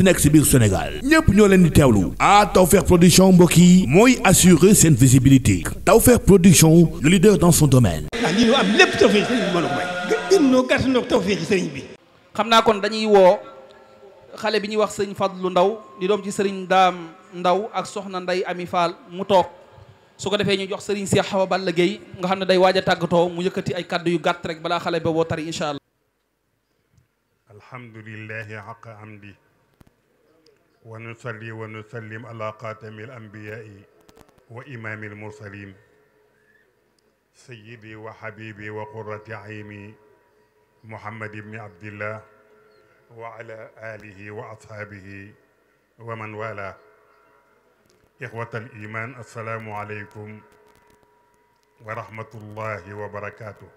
munti nekk si biir Sénégal ñépp ñoo leen di teewlu ah Tawfekh production mbokk yi mooy assurer seen visibilité Tawfekh production le leader dans son domaine. ah a may. gën ñoo gàtt ñoo Tawfekh sëriñ bi. xam naa kon dañuy woo xale bi ñuy wax sëñ Fadlu Ndaw di doom ci sëriñ Daam Ndaw ak soxna Nday Ami Fall mu toog su ko defee ñu jox sëriñ Cheikh Awa Balla Gueye nga xam ne day waaj a tàggatoo mu yëkkati ay kàddu yu gàtt rek balaa xale ba boo tari incha allah. ونصلي ونسلم على خاتم الأنبياء وإمام المرسلين سيدي وحبيبي وقرة عيني محمد بن عبد الله وعلى آله وأصحابه ومن والاه إخوة الإيمان السلام عليكم ورحمة الله وبركاته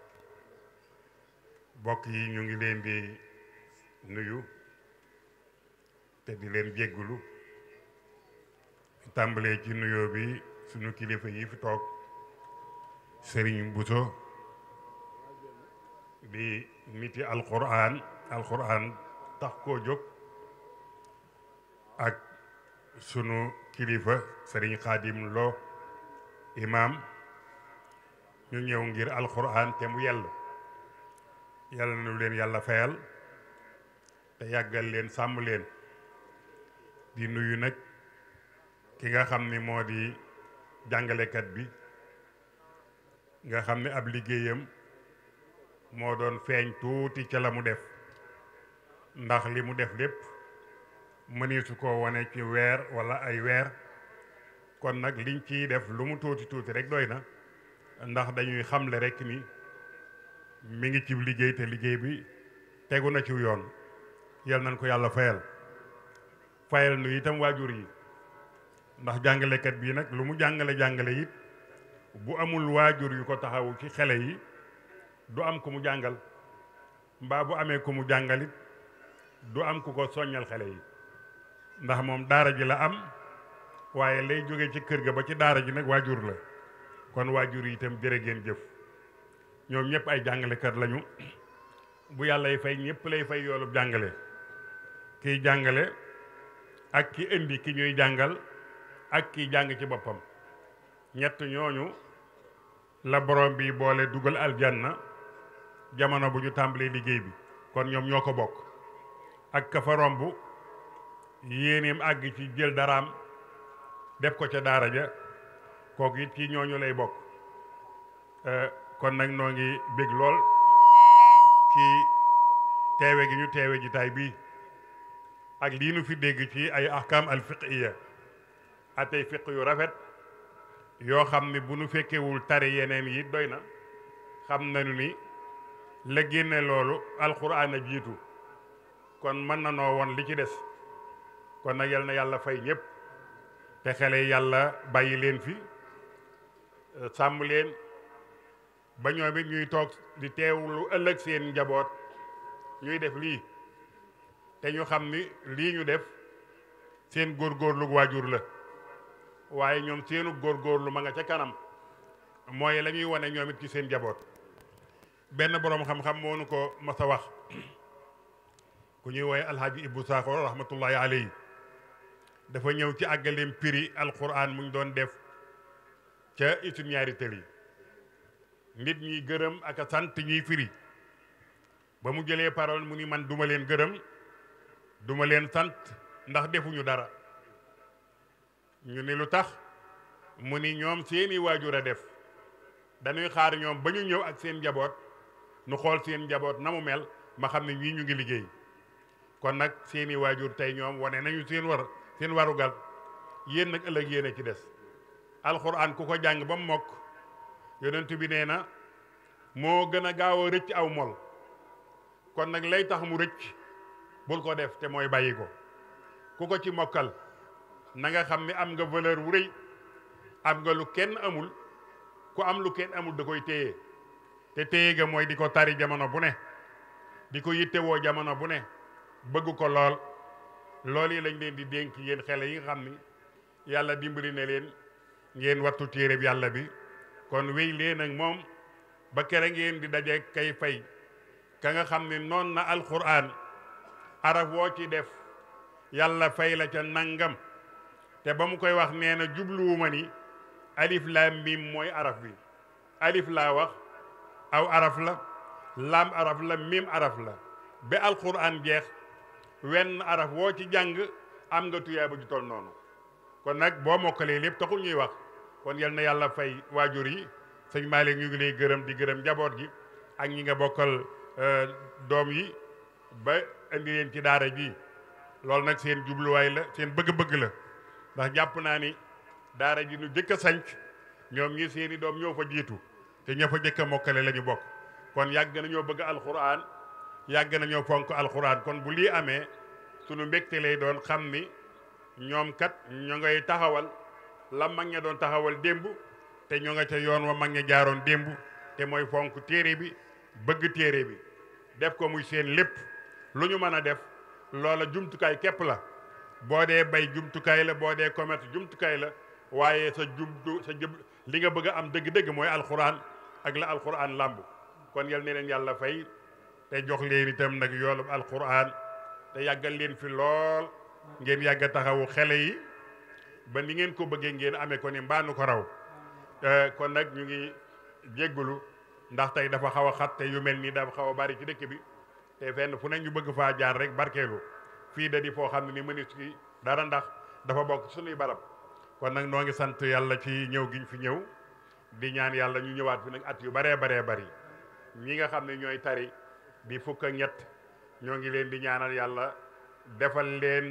بقي نيو te di leen jéggulu tàmbalee ci nuyoo bi suñu kilifa yi fi toog Serigne Bousso bi miti alquran alquran tax koo jóg ak sunu kilifa Serigne Khadim imaam ñu ñëw ngir alquran te mu yell yàlla leen yàlla fayal te yàggal leen sàmm leen di nuyu nag ki nga xam ni moo di jàngalekat bi nga xam ni ab liggéeyam moo doon feeñ tuuti ca la mu def ndax li mu def lépp mënisu ko wane ci weer walla ay weer kon nag liñ ciy def lu mu tuuti tuuti rek doy na ndax dañuy xamle rek ni mi ngi ci liggéey te liggéey bi tegu na ci yoon yal nañ ko yàlla fayal fayal nu itam waajur yi ndax jàngalekat bii nag lu mu jàngale jàngale it bu amul waajur yu ko taxawu ci xele yi du am ku mu jàngal mbaa bu amee ku mu jàngalit du am ku ko soññal xele yi ndax moom daara ji la am waaye lay jóge ci kër ga ba ci daara ji nag waajur la kon waajur yi itam jërë ngeen jëf ñoom ñëpp ay jàngale jàngalekat lañu bu yàlla fay ñëpp lay fay yoolub jàngale kiy jàngale ak ki indi ki ñuy jàngal ak ki jàng ci boppam ñett ñooñu la borom bi boole dugal aljanna jamono bu ñu tàmbalee liggéey bi kon ñoom ñoo ko bokk ak ka fa romb yéeneem àgg ci jël daraam def ko ca daara ja kooku it ci ñooñu lay bokk euh, kon nag noo ngi bég lool ci teewe gi ñu teewe ji taay bii ak lii nu fi dégg ci ay ahkam al fiqhiya atey yu rafet yoo xam ne bu nu fekkewul tare yeneen yi doy na xam nañu ni la génne loolu alquran jiitu kon mën na noo woon li ci des kon na yal na yàlla fay ñëpp te xale yàlla bayyi leen fi euh, sàmm leen ba ñoom it ñuy toog di teewul ëllëg seen njaboot ñuy def lii te ñu xam ni lii ñu def seen góor góorgóorlu waajur la waaye ñoom seenu góorgóorlu ma nga ca kanam mooy la ñuy wane ñoom ci seen jaboot benn boroom xam-xam moo nu ko mas a wax ku ñuy wooye alxaaji ibbu saaxo rahmatullahi alayhi dafa ñëw ci àggaleem prix alquran mu ñu doon def ca itum ñaari tël yi nit ñi gërëm ak a sant ñiy firi ba mu jëlee parole mu ni man duma leen gërëm duma leen sant ndax defuñu dara ñu ni lu tax mu ni ñoom seeni waajur a def dañuy xaar ñoom ba ñu ñëw ak seen njaboot nu xool seen njaboot na mu mel ma xam ne ñii ñu ngi liggéey kon nag seeni waajur tey ñoom wane nañu seen war seen warugal yéen nag ëllëg yéen ci des alxuraan ku ko jàng ba mu mokk yonent bi nee na moo gën a gaawoo rëcc aw mol kon nag lay tax mu rëcc bul ko def te mooy bàyyi ko ku ko ci mokkal na nga xam ne am nga valeur wu rëy am nga lu kenn amul ku am lu kenn amul da koy téye te téye ga mooy di ko tari jamono bu ne di ko yittewoo jamono bu ne bëgg ko lool lool yi lañ leen di dénk yéen xele yi nga xam ni yàlla dimbali ne leen ngeen wattu téereb yàlla bi kon wéy leen ak moom ba kere ngeen di daje kay fay ka nga xam ne noon na alquran araf woo ci def yàlla fay la ca nangam te ba mu koy wax nee na jubluwu ma ni alif laam miim mooy araf bi alif laa wax aw araf la laam araf la mbiim araf la ba alquran jeex wenn araf woo ci jàng am nga tuyaa ba ju tol noonu kon nag boo mokkalee lépp taxul ñuy wax kon yal na yàlla fay waajur yi sëñ Malick ñu ngi lay gërëm di gërëm njaboot gi ak ñi nga bokkal euh, doom yi ba indi leen ci daara ji loolu nag seen jubluwaay la seen bëgg-bëgg la ndax jàpp naa ni daara ji nu jëkk a sanc ñoom ñi seeni doom ñoo fa jiitu te ña fa jëkk a mokkale la ñu bokk kon yàgg nañoo bëgg alxuraan yàgg nañoo fonk alxuraan kon bu lii amee sunu mbégte lay doon xam ni ñoom kat ñoo ngay taxawal la mag ña doon taxawal démb te ñoo nga ca yoon wa mag ña jaaroon démb te mooy fonk téere bi bëgg téere bi def ko muy seen lépp lu ñu mën a def loola jumtukaay képp la boo dee bay jumtukaay la boo dee commerce jumtukaay la waaye sa jumtu sa jëm li nga bëgg a am dëgg-dëgg mooy alxuraan ak la alxuraan làmb kon yal ne leen yàlla fay te jox leen itam nag yoolub alxuraan te yàggal leen fi lool ngeen yàgg a taxawu xele yi ba ni ngeen ko bëggee ngeen amee ko ni mbaanu ko raw eh, kon nag ñu ngi jéggulu ndax tey dafa xaw a xat te yu mel nii dafa xaw a bari ci dëkk bi te fenn fu ne ñu bëgg faa jaar rek barkeelu fii da di foo xam ne ni mënit ci dara ndax dafa bokk suñuy barab kon nag noo ngi sant yàlla ci ñëw giñ fi ñëw di ñaan yàlla ñu ñëwaat fi nag at yu baree baree bari ñi nga xam ne ñooy tari di fukk ak ñett ñoo ngi leen di ñaanal yàlla defal leen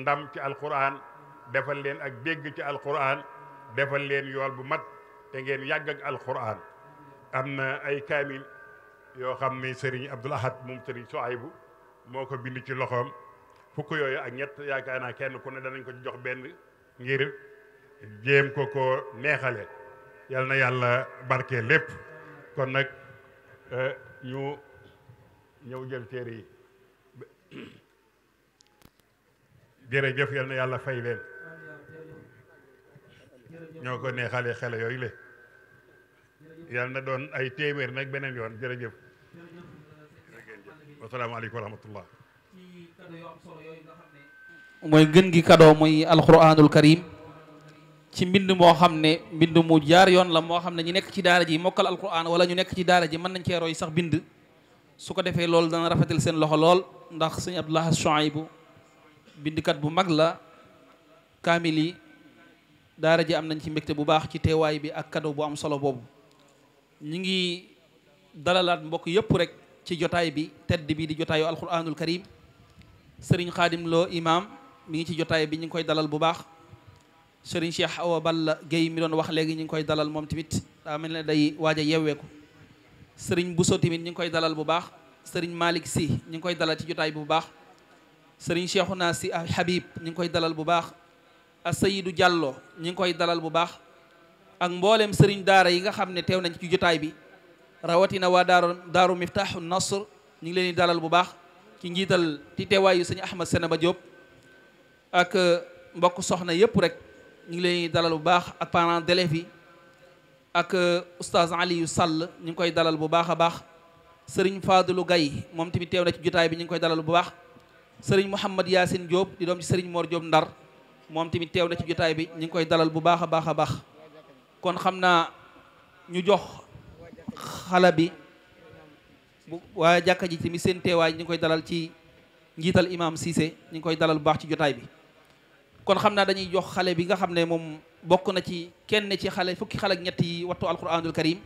ndam ci alquran defal leen ak dégg ci alquran defal leen yool bu mat te ngeen yàgg ak alquran am na ay kaamil yoo xam ni Serigne Abdoul Ahad soo ay bu moo ko bind ci loxoom fukk yooyu ak ñett yaakaar naa kenn ku ne danañ ko jox benn ngir jéem ko ko neexale yal na yàlla barke lépp kon nag euh, ñu ñëw jël téere yi jërëjëf yal na yàlla fay leen ñoo ko neexale xale yooyu le yal na doon ay téeméer nag beneen yoon jërëjëf wasalaamaaleykum wa mooy gën gi cadeau muy alquranul karim ci mbind moo xam ne mbind mu jaar yoon la moo xam ne ñu nekk ci daara ji mokkal alquran wala ñu nekk ci daara ji mën nañ cee sax bind su ko defee loolu dana rafetal seen loxo lool ndax sëñ Abdullah Chouaïbou bindkat bu mag la kaamil yi daara ji am nañ ci mbégte bu baax ci teewaay bi ak cadeau bu am solo boobu ñi ngi dalalaat mbokk yëpp rek ci jotaay bi tedd bi di jotaayu alquranul karim sëriñ xadim loo imaam mi ngi ci jotaay bi ñu ngi koy dalal bu baax sëriñ Cheikh Awa Balla Guèye mi doon wax léegi ñu ngi koy dalal moom tamit daa mel ne day waaj a yewweeku sëriñ Bousso tamit ñu ngi koy dalal bu baax sëriñ Malick Sy ñu ngi koy dalal ci jotaay bu baax sëriñ Cheikhouna Sy Habib ñu ngi koy dalal bu baax a Seydou Diallo ñu ngi koy dalal bu baax ak mboolem sëriñ daara yi nga xam ne teew nañ ci jotaay bi rawatina waa daaru daaru miftahu nasr ñu ngi leen di dalal bu baax ci njiital ci teewaayu sëñ Ahmad Senaba Diop ak euh, mbokk soxna yëpp rek ñu ngi leen di dalal bu baax ak parents d'élèves yi ak euh, oustaz Aliou Sall ñu ngi koy dalal bu baax a baax sëriñ Fadilou Gaye moom tamit teew na ci jotaay bi ñu ngi koy dalal bu baax sëriñ Mouhamad Yaasin Diop di doom ci sëriñ Mor Diop Ndar moom tamit teew na ci jotaay bi ñu ngi koy dalal bu baax a baax a baax kon xam naa ñu jox xale bi waa jàkka ji tamit seen teewaay ñu ngi koy dalal ci njiital imam Cissé ñu ngi koy dalal bu baax ci jotaay bi kon xam naa dañuy jox xale bi nga xam ne moom bokk na ci kenn ci xale fukki xale ak ñett yi wattu alquranul karim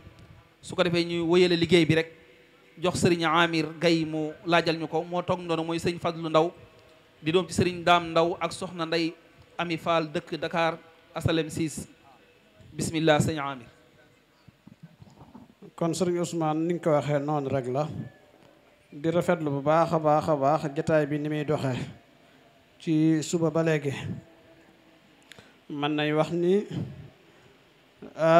su ko defee ñu wëyale liggéey bi rek jox sëriñ Amir Gaye mu laajal ñu ko moo toog noonu mooy sëñ Fadlu Ndaw di doom ci sëriñ Daam Ndaw ak soxna Nday Ami Fall dëkk Dakar asalem siis bismillah sëñ Amir kon sëriñ Ousmane ni ko waxee noonu rek la di rafetlu bu baax a baax a baax jataay bi ni muy doxe ci suba ba léegi mën nay wax ni a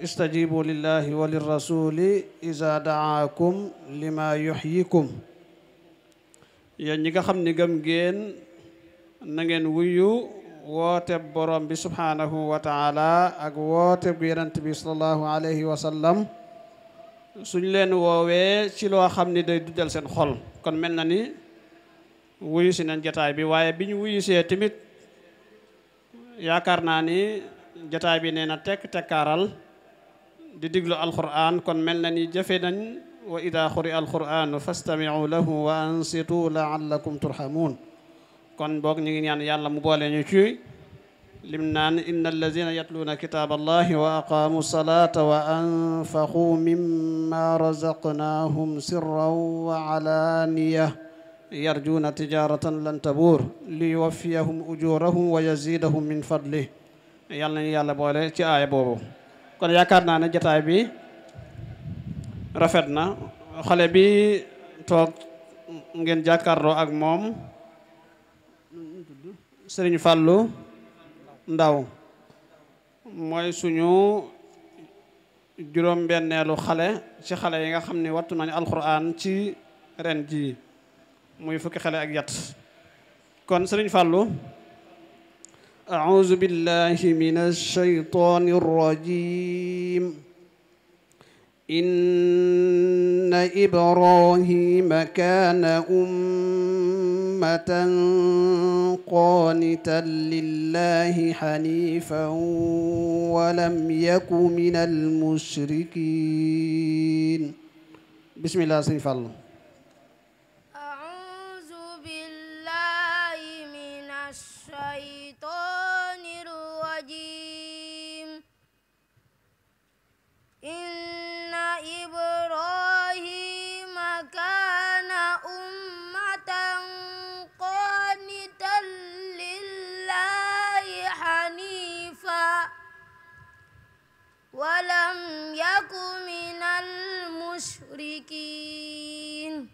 istajibu lillahi wa lirrasuli iza daakum lima yuxyikum yéen ñi nga xam ni gëm ngeen na ngeen wuyu wooteb borom bi subhaanahu wa taala ak wooteb gu yonent bi sallallahu alayhi wa suñ leen woowee ci loo xam ni day duddal seen xol kon mel na ni wuyu si nañ jataay bi waaye bi ñu wuyusee tamit yaakaar naa ni jataay bi nee na tekk tekkaaral di diglu alquran kon mel na ni jafe nañ wa ida xuri alquranu fastamiu lahu wa ansitu laallakum turhamuun kon boog ñu ngi ñaan yàlla mu boole ñu ci lim naan inna allazina yatluuna kitaaba allahi wa aqaamu salaata wa anfaquu mimma razaqnaahum sirran wa alaaniya yarjuuna tijaratan lan tabuur li wa yazidahum min fadlih yàlla nañu boole ci aaya boobu kon yaakaar naa ne jataay bi rafet na xale bi toog ngeen jàkkaarloo ak moom sëriñ Fallou Ndaw mooy suñu juróom-benneelu xale ci xale yi nga xam ni wattu nañu alxuraan ci ren jii muy fukki xale ak yat kon sëriñ Fallou أعوذ بالله من الشيطان الرجيم إن إبراهيم كان أمة أمة قانتا لله حنيفا ولم يك من المشركين بسم الله سيفالله الصادقين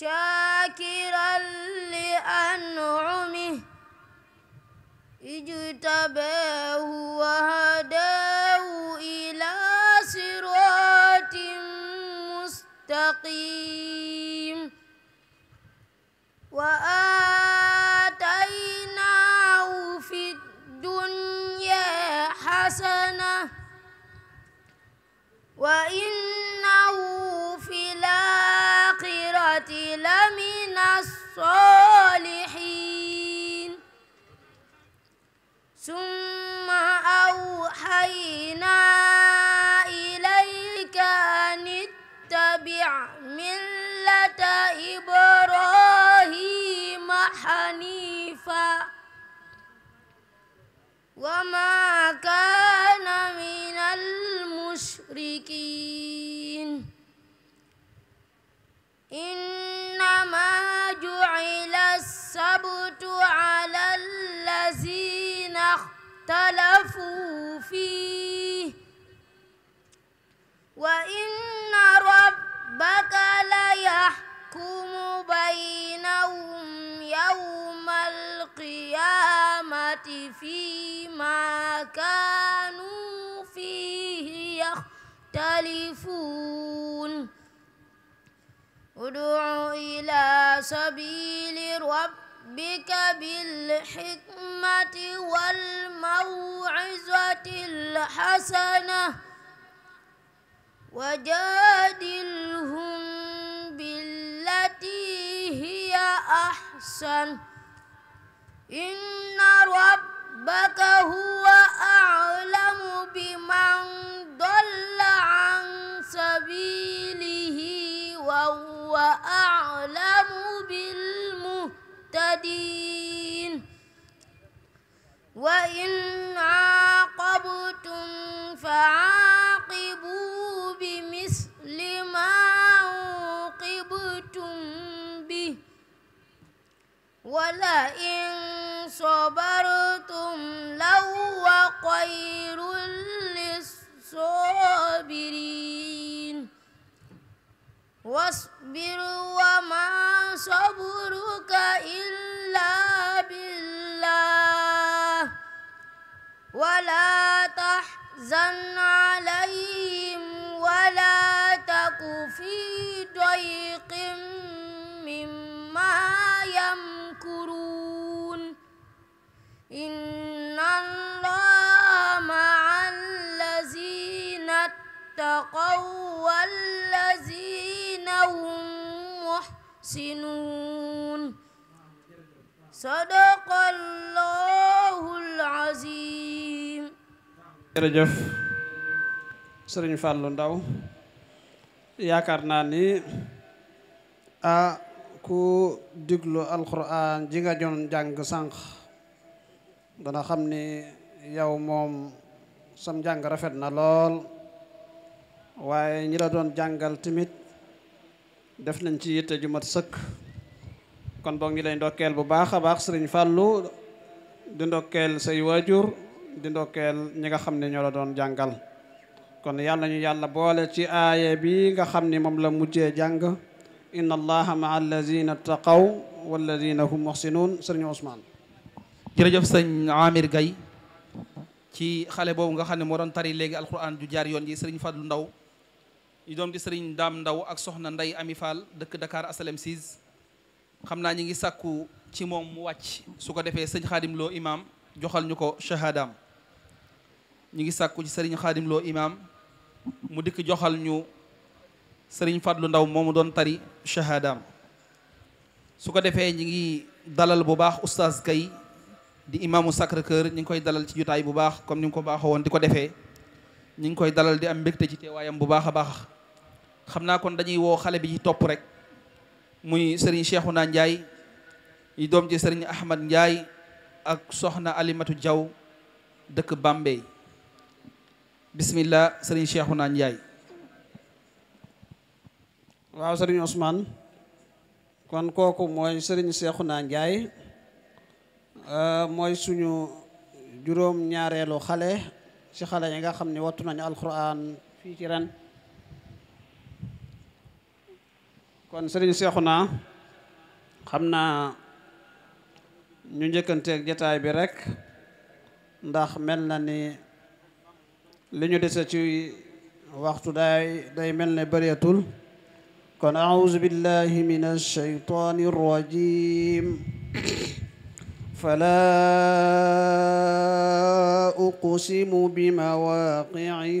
شاكرا لأنعمه اجتباه وهداه إلى صراط مستقيم وآتيناه في الدنيا حسنة وإن ثم أوحينا إليك أن اتبع ملة إبراهيم حنيفا وما كان من المشركين إنما جعل السبت اختلفوا فيه وإن ربك ليحكم بينهم يوم القيامة فيما كانوا فيه يختلفون ادع إلى سبيل ربك ربك بالحكمة والموعظة الحسنة وجادلهم بالتي هي أحسن إن ربك هو أعلم بمن وإن عاقبتم فعاقبوا بمثل ما عوقبتم به ولئن صبرتم لهو خير للصابرين واصبر وما صبرك إلا ولا تحزن عليهم ولا تك في ضيق مما يمكرون إن الله مع الذين اتقوا والذين هم محسنون صدق الله jërëjëf sëriñ Fallou Ndaw yaakaar naa ni a ku diglu alquran ji nga doon jàng sànq dana xam ni yow moom sam njàng rafet na lool waaye ñi la doon jàngal tamit def nañ ci yitte ju mat sëkk kon boog ñi lay ndokkeel bu baax a baax sëriñ Fallou di ndokkeel say waajur di ndokkeel ñi nga xam ne ñoo la doon jàngal kon yàlla ñu yàlla boole ci aaye bi nga xam ni moom la mujjee jàng inna allaha maa allazina taqaw wallazina hum muxsinuun sëriñ Ousmane jërëjëf sëñ Amir Gaye ci xale boobu nga xam ne moo doon tari léegi alquran ju jaar yoon ji sëriñ Fadlu Ndaw ñu doom di sëriñ Daam Ndaw ak soxna Nday Ami Fall dëkk Dakar asalem siis xam naa ñi ngi sàkku ci moom mu wàcc su ko defee sëñ Xaadim Lo imam joxal ñu ko shahadaam ñu ngi sàkku ci sëriñ xaadim loo imaam mu dikk joxal ñu sëriñ fàdlu ndaw moomu doon tari shahaadaam su ko defee ñi ngi dalal bu baax oustaz kay di imaamu Sacré-Cœur ñi ngi koy dalal ci jotaay bu baax comme ni nga baaxoo woon di ko defee ñi ngi koy dalal di am mbégte ci teewaayam bu baax a baax xam naa kon dañuy woo xale bi ci topp rek muy sëriñ Cheikhouna Ndiaye yi doom ci sëriñ Ahmad Ndiaye ak soxna Alimatu Jaw dëkk Bambey bismillah sëriñ na Ndiaye waaw sëriñ Ousmane kon kooku mooy sëriñ Cheikhouna Ndiaye euh, mooy suñu juróom ñaareelu xale ci xale yi nga xam ni wattu nañu alquran fii ci ren kon sëriñ seexu Cheikhouna xam naa ñu njëkkanteeg jataay bi rek ndax mel na ni li ñu dese ci waxtu daay day mel ne bëreetul kon auzu billahi min alsheytani arrajim fala uqsimu bi mawaqi'i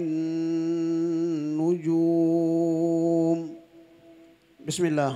nujum bismillah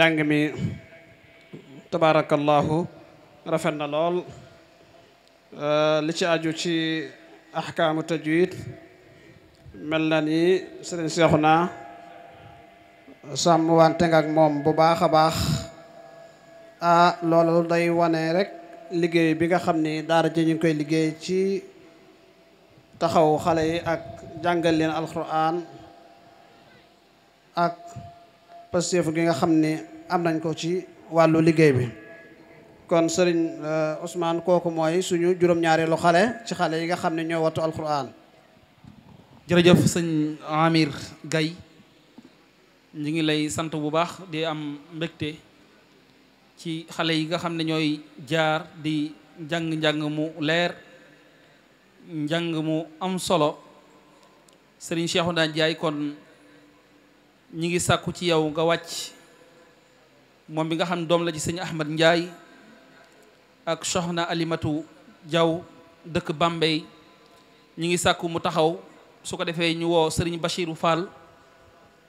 njàng mi tabaarakallaahu rafet na lool euh, li ci aju ci ahkaamu tajwid mel na ni sëriñ Seexuna sàmm wante nga ak moom bu baax a baax a loolu day wane rek liggéey bi nga xam ni daar ji ñu ngi koy liggéey ci taxaw xale yi ak jàngal leen alquran ak pasteefu gi nga xam ni am nañ ko ci wàllu liggéey bi kon sëriñ euh, Ousmane kooku mooy suñu juróom-ñaareelu xale ci xale yi nga xam ne ñoo wattu alquran jërëjëf sëñ Amir gay ñu ngi lay sant bu baax di am mbégte ci xale yi nga xam ne ñooy jaar di njàng-njàng mu leer njàng mu am solo sëriñ Cheikhouna jaay kon ñi ngi sàkku ci yow nga wàcc moom bi nga xam ne doom la ci sëñ Ahmad Ndiaye ak soxna Alimatu Jaw dëkk Bambey ñu ngi sàkk mu taxaw su ko defee ñu woo sëriñ Bachiru Fall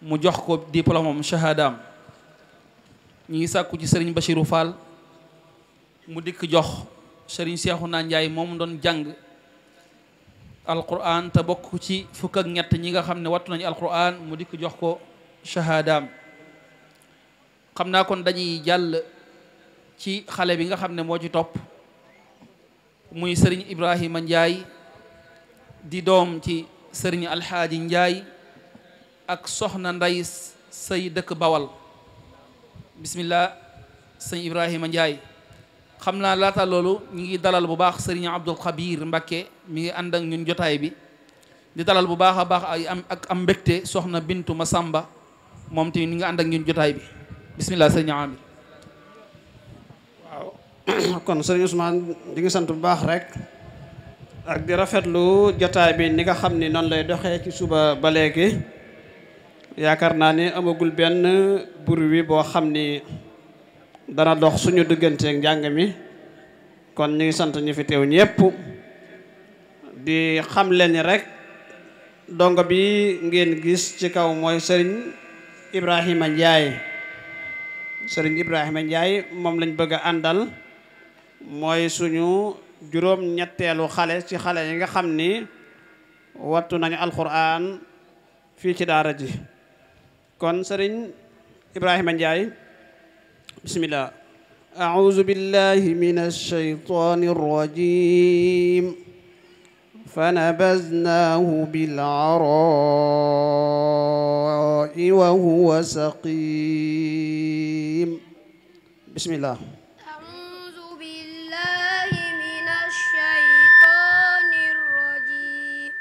mu jox ko diplôme am shahadaam ñu ngi sàkku ci sëriñ Bachiru Fall mu dikk jox sëriñ Seexuna Njaay moom doon jàng alquran te bokk ci fukk ak ñett ñi nga xam ne wattu nañu alquran mu dikk jox ko shahadaam xam naa kon dañuy jàll ci xale bi nga xam ne moo ci topp muy sëriñ Ibrahima Njaay di doom ci sëriñ Alxaaji Njaay ak soxna Nday say dëkk Bawal bismillah sëñ Ibrahima Njaay xam naa laata loolu ñu ngi dalal bu baax sëriñ Abdul Xabir Mbakke mi ngi ànd ak ñun jotaay bi di dalal bu baax a baax ay ak am mbégte soxna Bintu ma Masamba moom tamit ñu ngi ànd ak jotaay bi bisimilah sëriñ Amir waaw kon sëriñ Ousmane di sant bu baax rek ak di rafetlu jotaay bi ni nga xam ni noonu lay doxee ci suba ba léegi yaakaar naa ni amagul benn buru wi boo xam ni dana dox suñu digganteeg njàng mi kon ñu ngi sant ñu fi teew ñëpp di xam leen ni rek dongo bi ngeen gis ci kaw mooy sëriñ Ibrahima Ndiaye sëriñ Ibrahima Ndiaye moom lañ bëgg a àndal mooy suñu juróom ñetteelu xale ci xale yi nga xam ni wattu nañu alxuraan fii ci daara ji kon sëriñ Ibrahima Ndiaye bismillah a'uuzu billahi minash shaytaanir rajiim فنبذناه بالعراء وهو سقيم بسم الله أعوذ بالله من الشيطان الرجيم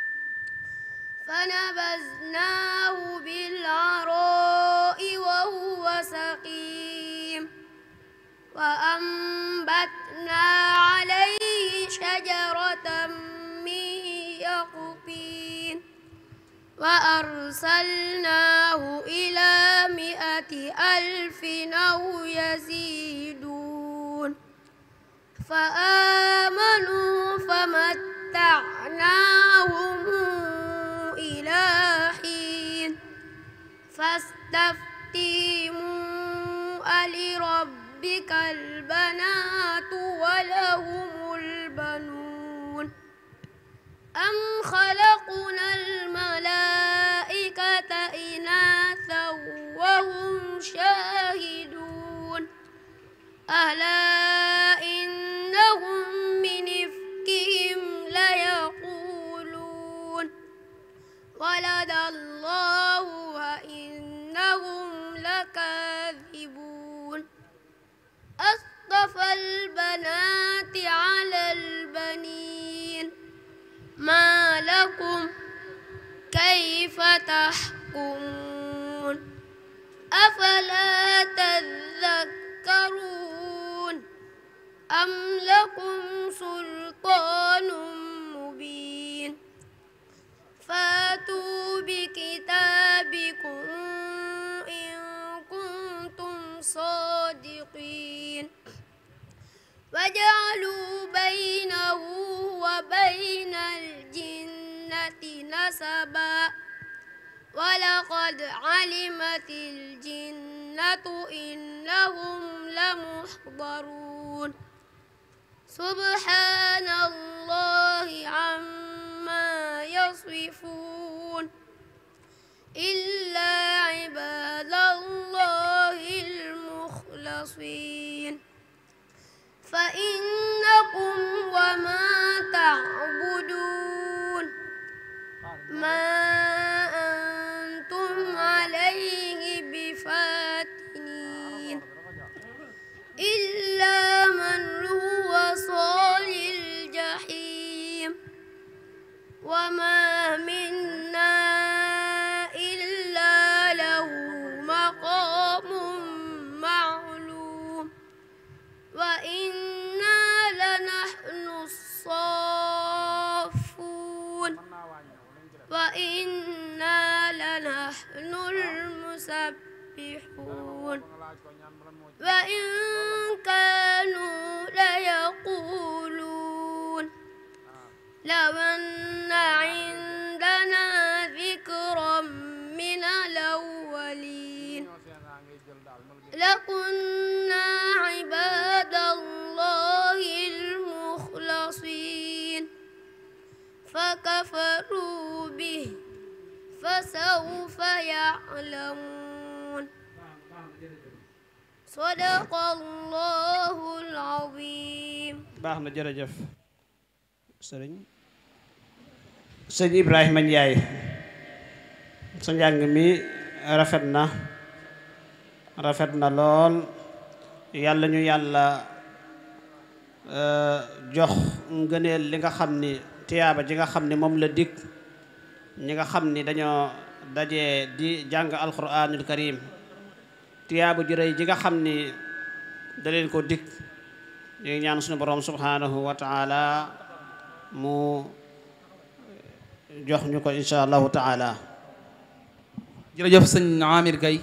فنبذناه بالعراء وهو سقيم وأنبتنا وأرسلناه إلى مئة ألف أو يزيدون فآمنوا فمتعناهم إلى حين فاستفتيموا ألربك البنات ولهم البنون أم خلقنا الملائكة ألا إنهم من إفكهم ليقولون ولد الله وإنهم لكاذبون أصطفى البنات على البنين ما لكم كيف تحكمون أفلا تذكرون تذكرون أم لكم سلطان مبين فاتوا بكتابكم إن كنتم صادقين وجعلوا بينه وبين الجنة نسبا ولقد علمت الجنة إنهم لمحضرون سبحان الله عما يصفون إلا عباد الله المخلصين فإنكم وما تعبدون ما وإن كانوا ليقولون لو أن عندنا ذكرا من الأولين لكنا عباد الله المخلصين فكفروا به فسوف يعلمون sadaqallahul azim baax na jërëjëf sëriñ sëñ Ibrahima Ndiaye sa njàng mi rafet na rafet na lool yàlla ñu yàlla euh, jox ngëneel li nga xam ni tiyaaba ji nga xam ni moom la dikk ñi nga xam ni dañoo daje di jàng alquranul karim tiyaabu ju rëy ji nga xam ni da ko dikk ñu ngi ñaan suñu borom subhanahu wa taala mu jox ñu ko insha allahu taala jërëjëf sëñ Amir Gaye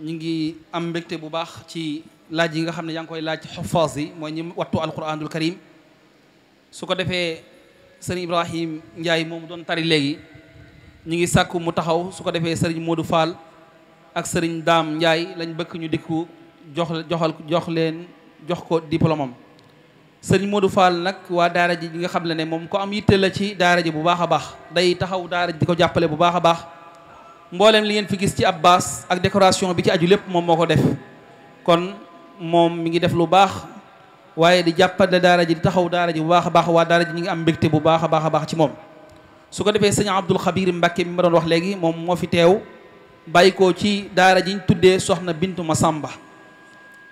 ñu ngi am mbégte bu baax ci laaj yi nga xam ne yaa ngi koy laaj xuffaas yi mooy ñi wattu alquranul karim su ko defee sëriñ Ibrahim Ndiaye moom doon tari léegi ñu ngi sàkku mu taxaw su ko defee sëriñ Modou Fall ak sëriñ daam njaay lañ bëgg ñu dikku jox joxal jox leen jox ko diplôme am sëriñ Modou Fall nag waa daara ji nga xam ne moom ko am yitte la ci daara ji bu baax a baax day taxaw daara di ko jàppale bu baax a baax mbooleem li ngeen fi gis ci ab baas ak décoration bi ci aju lépp moom moo ko def kon moom mi ngi def lu baax waaye di jàppale daara ji di taxaw daara ji bu baax a baax waa daara ji ñu ngi am mbégte bu baax a baax a baax ci moom su ko defee sëñ Abdul Xabir Mbàkke mi ma doon wax léegi moom moo fi bàyyi ko ci daara jiñ tuddee soxna ma Masamba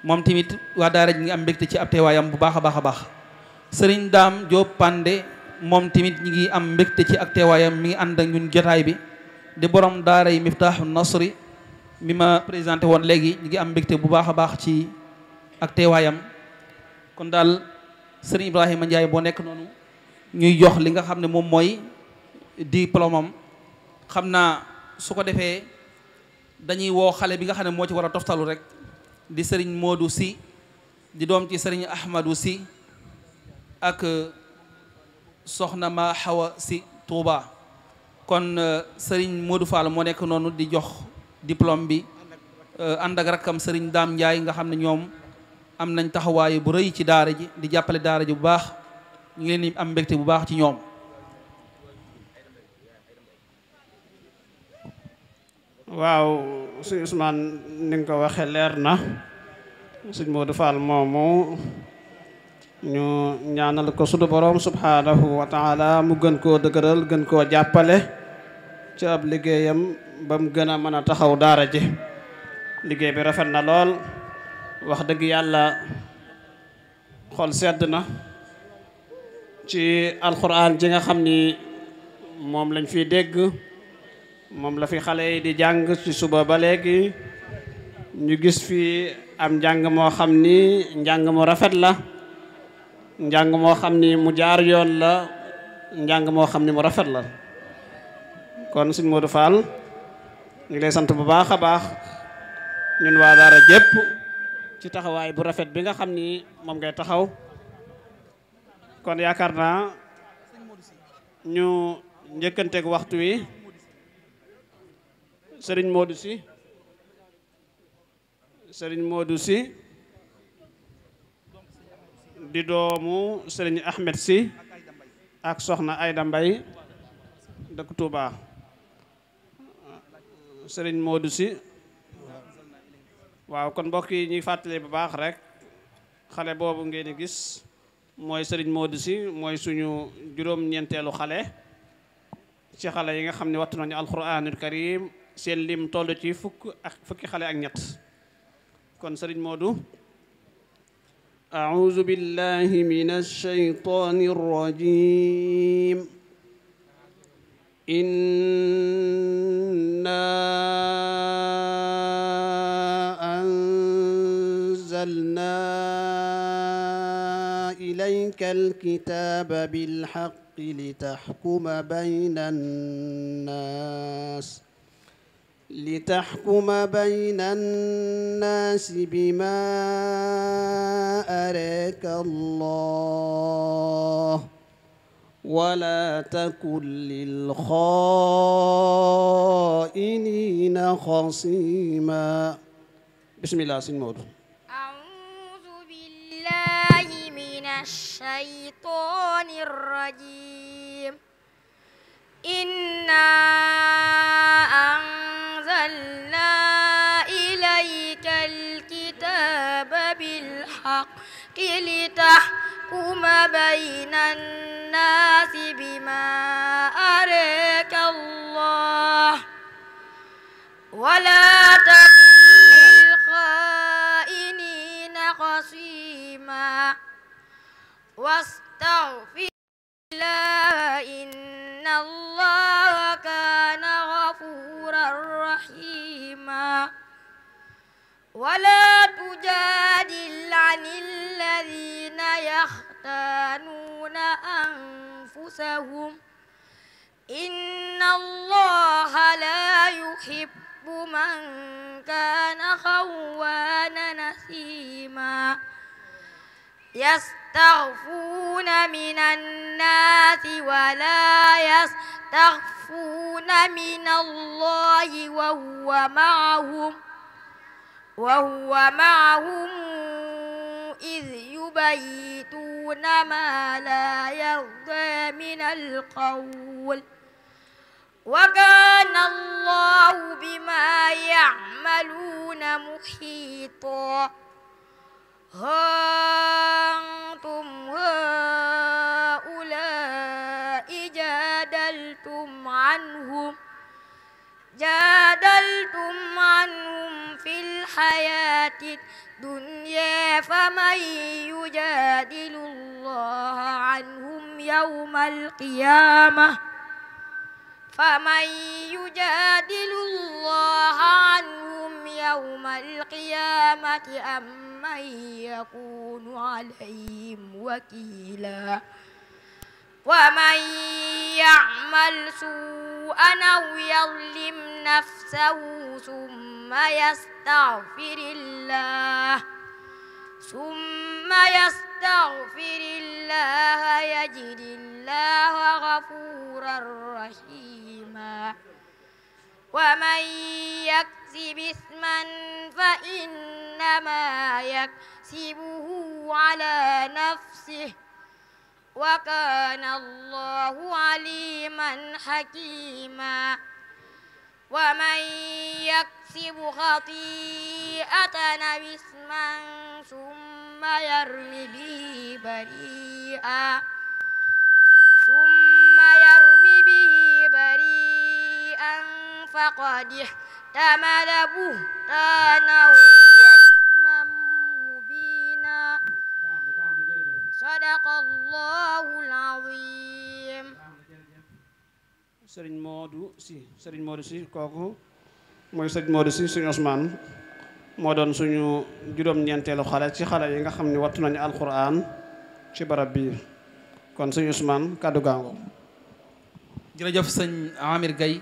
moom tamit waa daara ji ngi am mbégte ci ab teewaayam bu baax a baax a baax sëriñ daam Diop moom tamit ñi ngi am mbégte ci ak teewaayam mi ngi ànd ak ñun jotaay bi di borom daara yi Miftaaxu Nasri mi ma présenté woon léegi ñi ngi am mbégte bu baax a baax ci ak teewaayam kon daal sëriñ Ibrahima Ndiaye boo nekk noonu ñuy jox li nga xam ne moom mooy diplôme am xam naa su ko defee dañuy woo xale bi nga xam ne moo ci war a toftalu rek di sëriñ Modou si di doom ci sëriñ Ahmadou si ak euh, soxna ma xawa si Touba kon euh, sëriñ Modou Fall moo nekk noonu di jox diplôme bi euh, ànd ak rakkam sëriñ Daam Ndiaye nga xam ne ñoom am nañ taxawaayu bu rëy ci daara ji di jàppale daara ji bu baax ñu ngi leen am mbégte bu baax ci ñoom waaw suñ Ousmane ni ko waxee leer na suñ Modou Fall moomu ñu ñaanal ko sunu borom subhanahu wa taala mu gën koo dëgëral gën koo jàppale ci ab liggéeyam ba mu gën a mën a taxaw daara ji liggéey bi rafet na lool wax dëgg yàlla xol sedd na ci alxuraan ji nga xam ni moom lañ fiy dégg moom la fi xale yi di jàng ci suba ba léegi ñu gis fi am njàng moo xam ni njàng mu rafet la njàng moo xam ni mu jaar yoon la njàng moo xam ni mu rafet la kon suñ Modou Fall ñu ngi lay sant bu baax a baax ñun waa daara jépp ci taxawaay bu rafet bi nga xam ni moom ngay taxaw kon yaakaar naa ñu njëkkanteeg waxtu wi sëriñ Modou si sëriñ Modou si di doomu sëriñ Ahmed si ak soxna Ayda Mbay dëkk Touba sëriñ Modou si waaw kon mbokk yi ñuy fàttali bu baax rekk xale boobu ngeen di gis mooy sëriñ Modou si mooy suñu juróom-ñeenteelu xale ci xale yi nga xam ne wattu nañu alquranul karim seen lim toll ci fukk ak fukki xale ak ñett kon sëriñ Modou أعوذ بالله من الشيطان الرجيم إنا أنزلنا إليك الكتاب بالحق لتحكم بين الناس لتحكم بين الناس بما أراك الله ولا تكن للخائنين خصيما بسم الله سيد مود أعوذ بالله من الشيطان الرجيم إنا أنزلنا إليك الكتاب بالحق لتحكم بين الناس بما أراك الله ولا تكن للخائنين خصيما واستغفر كلا إن الله كان غفورا رحيما ولا تجادل عن الذين يختانون أنفسهم إن الله لا يحب من كان خوانا نسيما يستطيع يستخفون من الناس ولا يستخفون من الله وهو معهم وهو معهم إذ يبيتون ما لا يرضى من القول وكان الله بما يعملون محيطاً ها أنتم هؤلاء جادلتم عنهم جادلتم عنهم في الحياة الدنيا فمن يجادل الله عنهم يوم القيامة فمن يجادل الله عنهم يوم القيامة أمن يكون عليهم وكيلا ومن يعمل سوءا أو يظلم نفسه ثم يستغفر الله ثم يستغفر الله يجد الله غفورا رحيما ومن يكتب يكسب اسما فإنما يكسبه على نفسه وكان الله عليما حكيما ومن يكسب خطيئة إثما ثم يرمي به بريئا ثم يرمي به بريئا فقد احتمل احتمل بهتانا وإثما مبينا صدق الله العظيم Serigne Modou Sy Serigne Modou kooku mooy Serigne Modou Sy Serigne Ousmane moo doon suñu juróom-ñeenteelu xale ci xale yi nga xam ni wattu nañu alquran ci barab bi kon Serigne Ousmane kàddu gaango jërëjëf sëñ Amir Gaye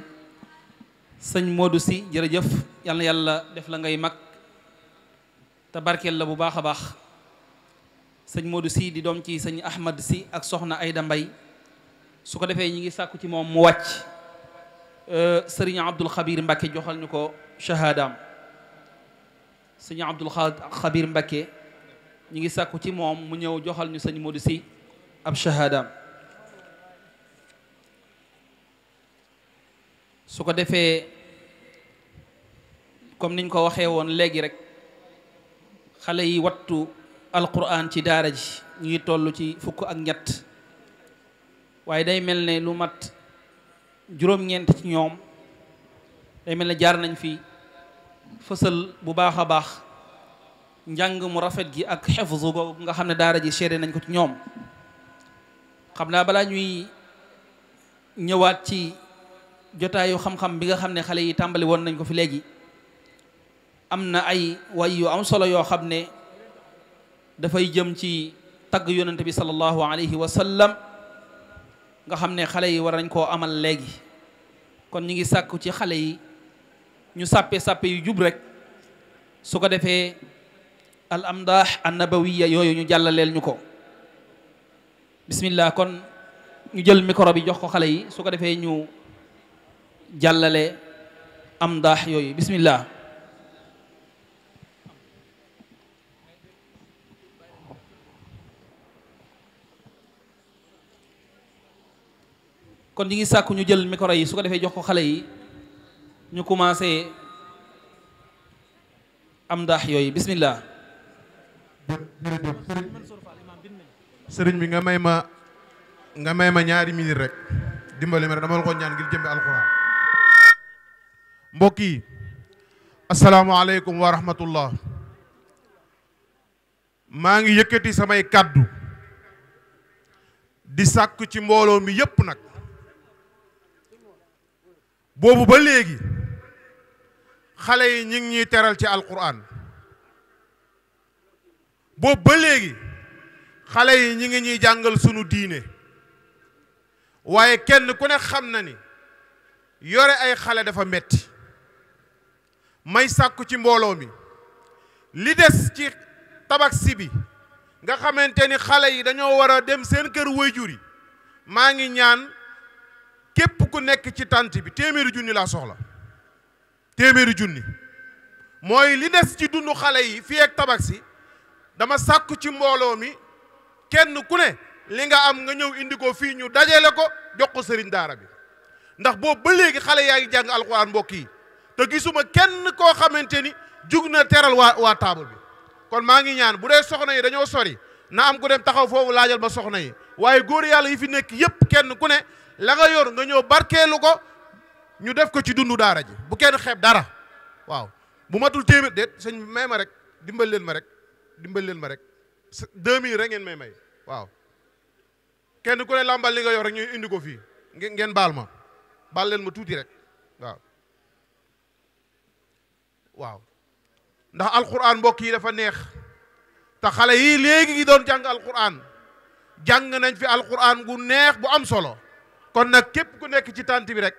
sëñ Modou si jërëjëf yal yàlla def la ngay mag te barkeel la bu baax a baax sëñ Modou si di doom ci sëñ Ahmad si ak soxna Ayda Mbay su ko defee ñi ngi sàkku ci moom mu wàcc euh, sëriñ Abdul Xabir Mbakke joxal ñu ko shahaadaam sëñ Abdul Xabir ñi ngi sàkku ci moom mu ñëw joxal ñu sëñ Modou si ab shahaadaam su ko defee comme niñ ko waxee woon léegi rek xale yi wattu alquran ci daara ji ngi tollu ci fukk ak ñett waaye day mel ne lu mat juróom-ñeent ci ñoom day mel ne jaar nañ fi fësal bu baax a baax njàng mu rafet gi ak xefzu googu nga xam ne daara ji seede nañ ko ci ñoom xam naa balaa ñuy ñëwaat ci jotaayu xam-xam bi nga xam ne xale yi tàmbali woon nañ ko fi léegi am na ay way am solo yoo xam ne dafay jëm ci tagg yonent bi sallallahu alayhi wa sallam nga xam ne xale yi war nañ koo amal léegi kon ñu ngi sàkku ci xale yi ñu sàppe sàppe yu jub rek su ko defee al amdaax an nabawiya yooyu ñu jàllaleel ñu ko bismillah kon ñu jël micro bi jox ko xale yi su ko defee ñu jàllale am ndax yooyu bismillah kon ñi ngi sàkku ñu jël micro yi su ko defee jox ko xale yi ñu commencé am ndax yooyu bismillah sëriñ bi nga may ma nga may ma ñaari minute rek dimbali ma rek dama la ko ñaan ngir jëmbi alxuraan mbokk yi asalaamaaleykum wa rahmatullah maa ngi yëkkati samay kàddu di sàkku ci mbooloo mi yépp nag boobu ba léegi xale yi ñu ngi ñuy teral ci alquran boobu ba léegi xale yi ñu ngi ñuy jàngal sunu diine waaye kenn ku ne xam na ni yore ay xale dafa metti may sàkku ci mbooloo mi li des ci tabaski bi nga xamante ni xale yi dañoo war a dem seen kër waajur yi maa ngi ñaan képp ku nekk ci tànt bi téeméeri junni laa soxla téeméeri junni mooy li des ci dundu xale yi fi ak tabaksi dama sàkku ci mbooloo mi kenn ku ne li nga am nga ñëw indi ko fii ñu dajale ko jox ko sëriñ daara bi ndax boobu ba léegi xale yaa ngi jàng alxuraan mbokk yi te gisuma kenn koo xamante ni jug na teral waa waa taabal bi kon maa ngi ñaan bu dee soxna yi dañoo sori na am ku dem taxaw foofu laajal ma soxna yi waaye góor yàlla yi fi nekk yépp kenn ku ne la yor nga ñëw barkeelu ko ñu def ko ci dundu daara ji bu kenn xeeb dara waaw bu matul téeméer déet sëñ may ma rek dimbal leen ma rek dimbal leen ma rek deux mille rek ngeen may may waaw kenn ku ne làmbal li nga yor rek ñu indi ko fii ngeen baal ma baal leen ma tuuti rek waaw ndax alquran mbokk yi dafa neex te xale yi léegi ngi doon jàng alquran jàng nañ fi alquran gu neex bu am solo kon nag képp ku nekk ci tànt bi rek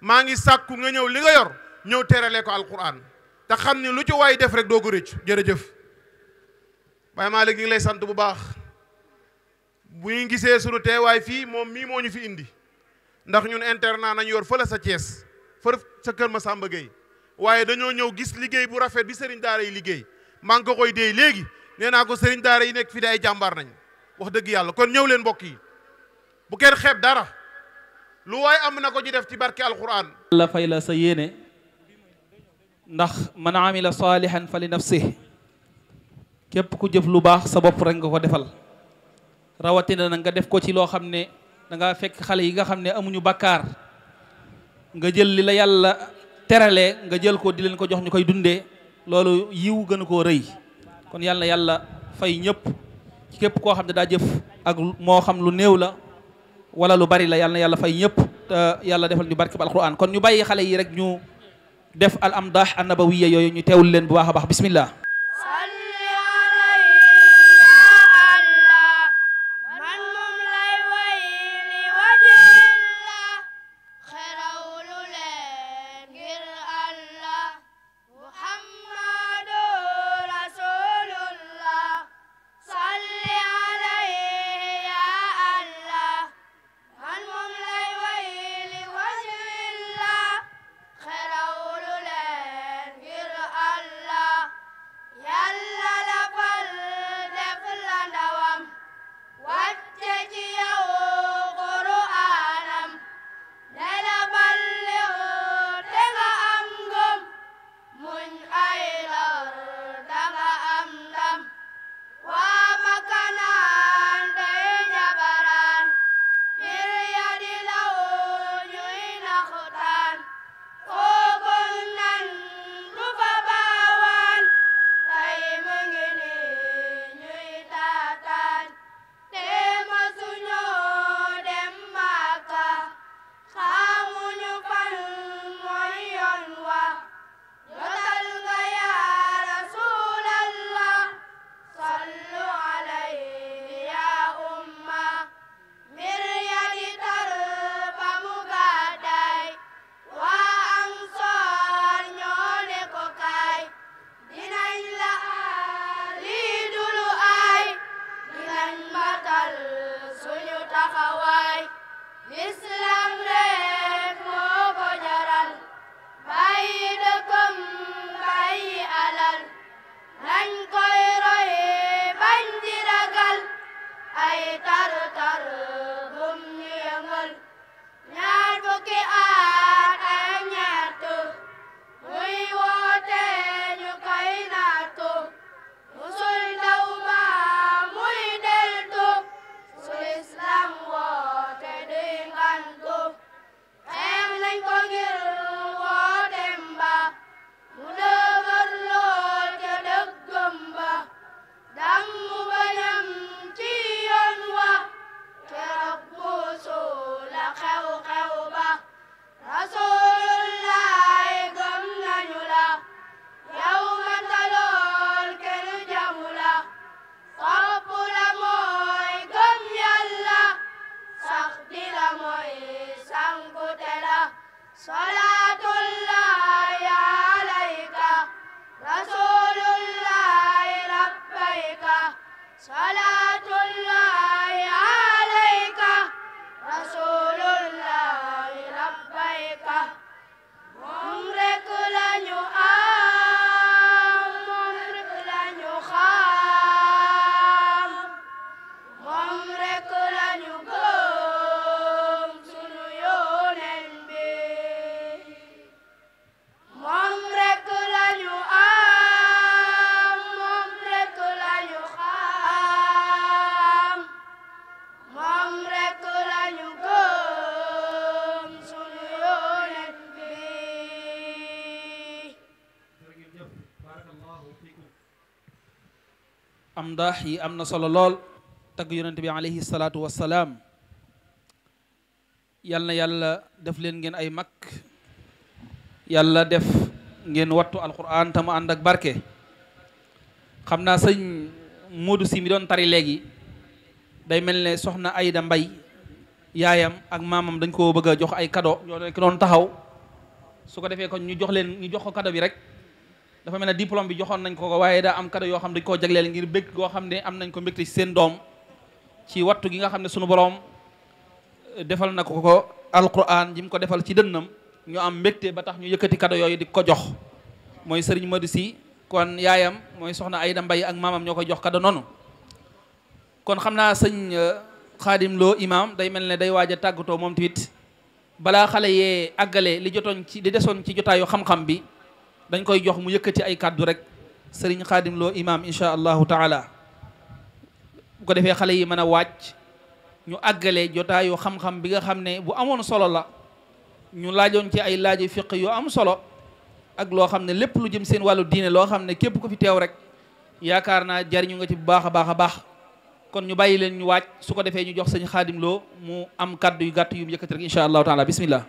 maa ngi sàkku nga ñëw li nga yor ñëw terale ko alquran te xam ni lu ci waay def rek doo ko rëcc jërëjëf Baye Malick ñu ngi lay sant bu baax bu ñu gisee sunu teewaay fii moom mii moo ñu fi indi ndax ñun internat nañu yor fële sa Thiès fële sa Kër Massamba Gueye waaye dañoo ñëw gis liggéey bu rafet bi sëriñ daara yi liggéey maa ngi ko koy dee léegi nee naa ko sëriñ daara yi nekk fii di ay jàmbaar nañ wax dëgg yàlla kon ñëw leen mbokk yi bu kenn xeeb dara lu waaye am na ko ñu def ci barke alquran la fay la sa yéene ndax man amila salihan fale li nafsihi képp ku jëf lu baax sa bopp rek nga ko defal rawatina nag nga def ko ci loo xam ne danga fekk xale yi nga xam ne amuñu bakkaar nga jël li la yàlla terale nga jël ko di leen ko jox ñu koy dundee loolu yiw gën a koo rëy kon yàlla yàlla fay ñëpp ci képp koo xam ne daa jëf ak moo xam lu néew la wala lu bari la yàlla yàlla fay ñëpp te yàlla defal ñu barke ba alquran kon ñu bàyyi xale yi rek ñu def al amdah an nabawiya yooyu ñu teewul leen bu baax a baax bismillah amdaax yi am na solo lool tagg yonent bi alayhi salaatu wassalaam yal na yàlla def leen ngeen ay mag yàlla def ngeen wattu alquran te mu ànd ak barke xam naa sëñ Modou si mi doon tari léegi day mel ne soxna Ayda Mbay yaayam ak maamam dañ koo bëgg a jox ay kado ñoo taxaw su ko defee ko ñu jox leen ñu jox ko kado bi rek dafa mel ne diplôme bi joxoon nañ ko ko waaye daa am cadeau yoo xam dañ koo jagleel ngir bëgg goo xam ne am nañ ko mbégte ci seen doom ci wattu gi nga xam ne suñu boroom euh, defal na ko ko alquran ji mu ko defal ci dënnam ñu am mbégte ba tax ñu yëkkati cadeau yooyu di ko jox mooy sëriñ Modou Sy kon yaayam mooy soxna Ayda mbay ak maamam ñoo koy jox kado noonu kon xam naa sëñ xaadim euh, loo imaam day mel ne day waaj a tàggatoo moom tamit balaa xale yee àggale li jotoon ci li desoon ci jotaayu xam bi dañ koy jox mu yëkkati ay kàddu rek sëriñ xaadim loo imaam incha allahu taala bu ko defee xale yi mën a wàcc ñu àggale jotaayu xam-xam bi nga xam ne bu amoon solo la ñu laajoon ci ay laaju fiq yu am solo ak loo xam ne lépp lu jëm seen diine loo xam ne képp ko fi teew rek yaakaar naa jariñu nga ci bu baax a baax a baax kon ñu bàyyi leen ñu wàcc su ko defee ñu jox sëñ xaadim loo mu am kàddu yu gàtt yu mu yëkkati rek incha allah taala bismillah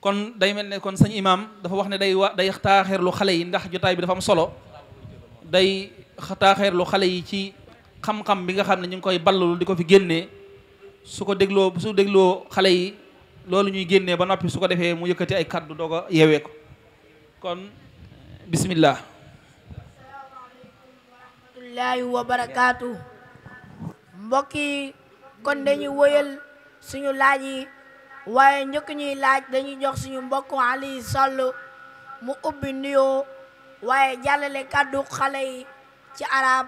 kon day mel ne kon sëñ imaam dafa wax ne day wa day taaxeerlu xale yi ndax jotaay bi dafa am solo day taaxeerlu xale yi ci xam-xam bi nga xam ne ñu ngi koy ballul di ko fi génnee su ko dégloo su dégloo xale yi loolu ñuy génnee ba noppi su ko defee mu yëkkati ay kàddu doog a ko kon bismillah salaamaaleykum wa mbokk yi kon dañuy woyal suñu laaj yi waaye njëkk ñuy laaj dañuy jox suñu mbokk Aliou Sall mu ubbi nuyoo waaye jàllale kàddu xale yi ci arab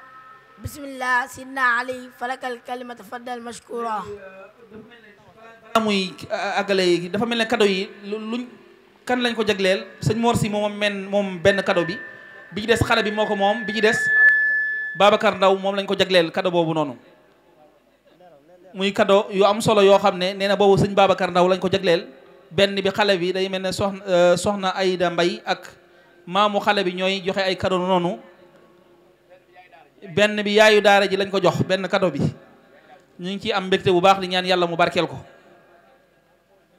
bismillah sidna ali falakal kalima tafaddal mashkura muy àggale yi dafa mel ne kado yi luñ kan lañ ko jagleel sëñ Mor si moom men moom benn kado bi bi ci des xale bi moo ko moom bi ci des Babacar Ndaw moom lañ ko jagleel kado boobu noonu muy cadeau yoo am solo yoo xam ne nee na boobu sëñ Babacar Ndaw lañ ko jagleel benn bi xale bi day mel ne euh, soxna soxna Ayda Mbay ak maamu xale bi ñooy joxe ay cadeau noonu benn bi yaayu daara ji lañ ko jox benn cadeau bi ñu ngi ciy am mbégte bu baax di ñaan yàlla mu barkeel ko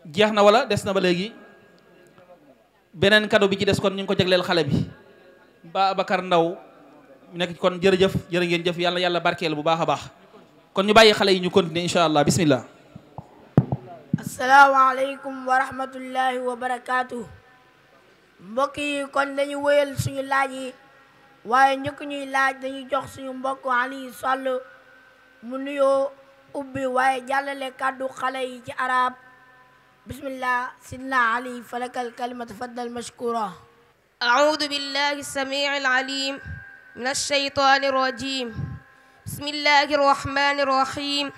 jeex na wala des na ba léegi beneen cadeau bi ci des kon ñu ngi ko jagleel xale bi Babacar Ndaw nekk kon jërëjëf jërë ngeen jëf yàlla yàlla barkeel bu baax a baax kon ñu bàyyi xale yi ñu continuer incha allah bismillah asalaamaaleykum wa rahmatullahi wa barakaatu. mbokk yi kon dañu wëyal suñu laaj yi waaye njëkk ñuy laaj dañuy jox suñu mbokk Aliou Sall mu nuyoo ubbi waaye jàllale kàddu xale yi ci arab bismillah sidna ali falakal kalima tafaddal mashkura أعوذ بالله السميع العليم من الشيطان الرجيم بسم الله الرحمن الرحيم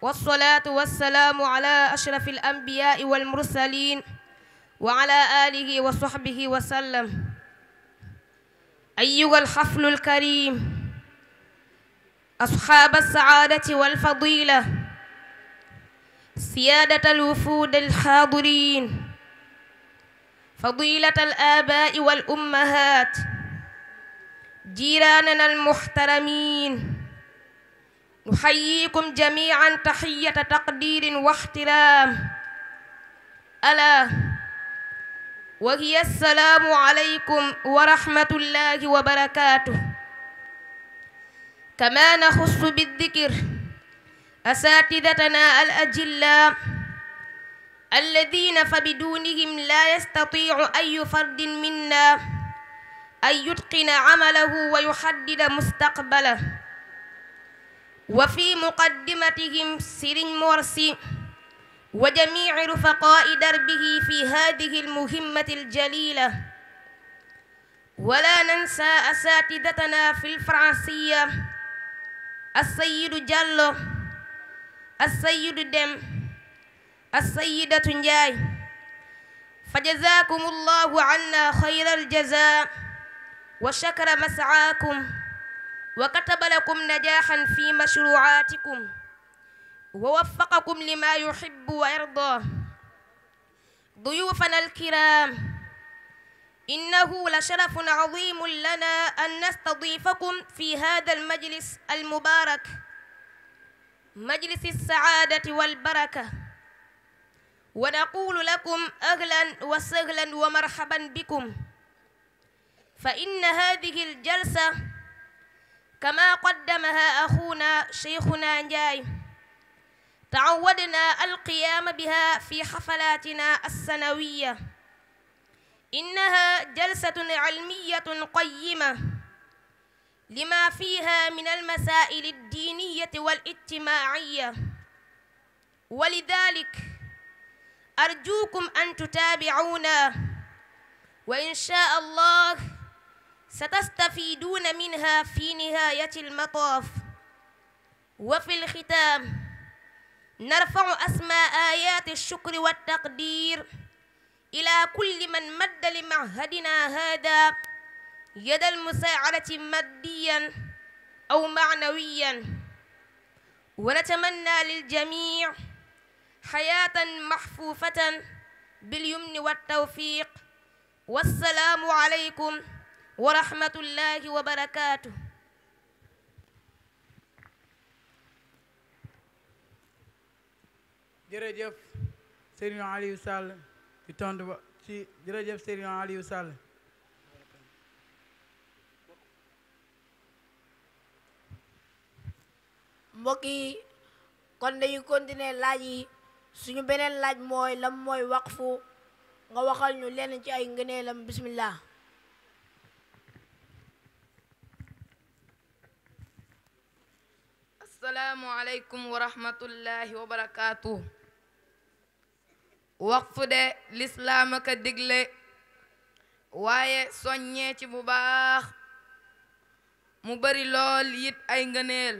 والصلاة والسلام على أشرف الأنبياء والمرسلين وعلى آله وصحبه وسلم أيها الحفل الكريم أصحاب السعادة والفضيلة سيادة الوفود الحاضرين فضيلة الآباء والأمهات جيراننا المحترمين nuxayikum jamian taxiyata taqdirin wa ixtiraam alaa wa hiya assalaamu alaykum wa rahmatullahi wa barakaatuh kama naxussu biddikir asaatidatana al ajilla alladina fa bidunihim la yastatiu ayu fardin minna an yutqina amalahu wa yuxaddida mustaqbala wa fi muqaddimatihim Serigne Mor Sy wa jamiici rufaqaa'i darbihi fi haadihi almuhimmati aljalila wala nansa asaatidatana fi lfaransiya assayidu Diallo assayidu Dem assayidatu Njaay fa jazaakum allahu anna xayra aljaza wa shakara masaakum wa kataba lakum najaaxan fi mashruucaatikum wa waffaqakum limaa yuxibbu wa yardaa duyuufana alkiraam innahu la sharafun cadiimun lanaa an nastadiifakum fi haada almajlis almubaarak majlis alsacaadati walbaraka wa naquulu lakum ahlan wa sahlan wa marxaban bikum fa inna haadihi aljalsa كما قدمها أخونا شيخنا نجاي تعودنا القيام بها في حفلاتنا السنوية إنها جلسة علمية قيمة لما فيها من المسائل الدينية والاجتماعية ولذلك أرجوكم أن تتابعونا وإن شاء الله ستستفيدون منها في نهاية المطاف وفي الختام نرفع أسماء آيات الشكر والتقدير إلى كل من مد لمعهدنا هذا يد المساعدة ماديا أو معنويا ونتمنى للجميع حياة محفوفة باليمن والتوفيق والسلام عليكم wa rahmatullahi wa barakaatu jërëjëf Serigne Aliou Sall ci tontu ba jërëjëf Serigne Aliou Sall mbokk yi kon dañu continuer laaj yi suñu beneen laaj mooy la mooy waqfu nga waxal ñu lenn ci ay ngëneelam bismillah assalaamu aleykum wa rahmatullahi wa barakaatuh waqfu de lislaam digle waaye soññee ci bu baax mu bari lool yit ay ngëneel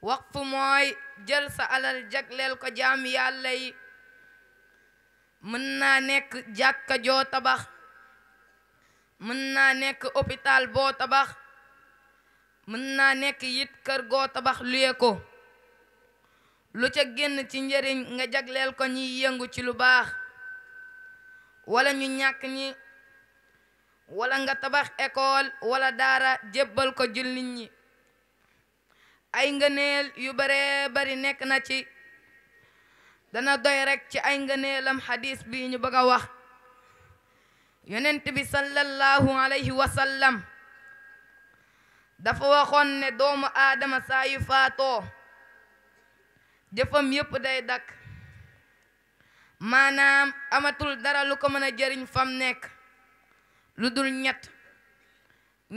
waqfu mooy jël sa alal jagleel ko jaam yàlla yi mën naa nekk jàkka joo tabax mën naa nekk hôpital boo tabax mën naa nekk yit kër goo tabax luye ko lu ca génn ci njariñ nga jagleel ko ñiy yëngu ci lu baax wala ñu ñàkk ñi wala nga tabax école wala daara jébbal ko jullit ñi ay ngëneel yu bare bari nekk na ci dana doy rekk ci ay ngëneelam xadiis bi ñu bëgg a wax yonent bi sallallahu alayhi wa sallam dafa waxoon ne doomu aadama saa yu faatoo jëfam yépp day dakk maanaam amatul dara lu ko mën jariñ fam nekk lu dul ñett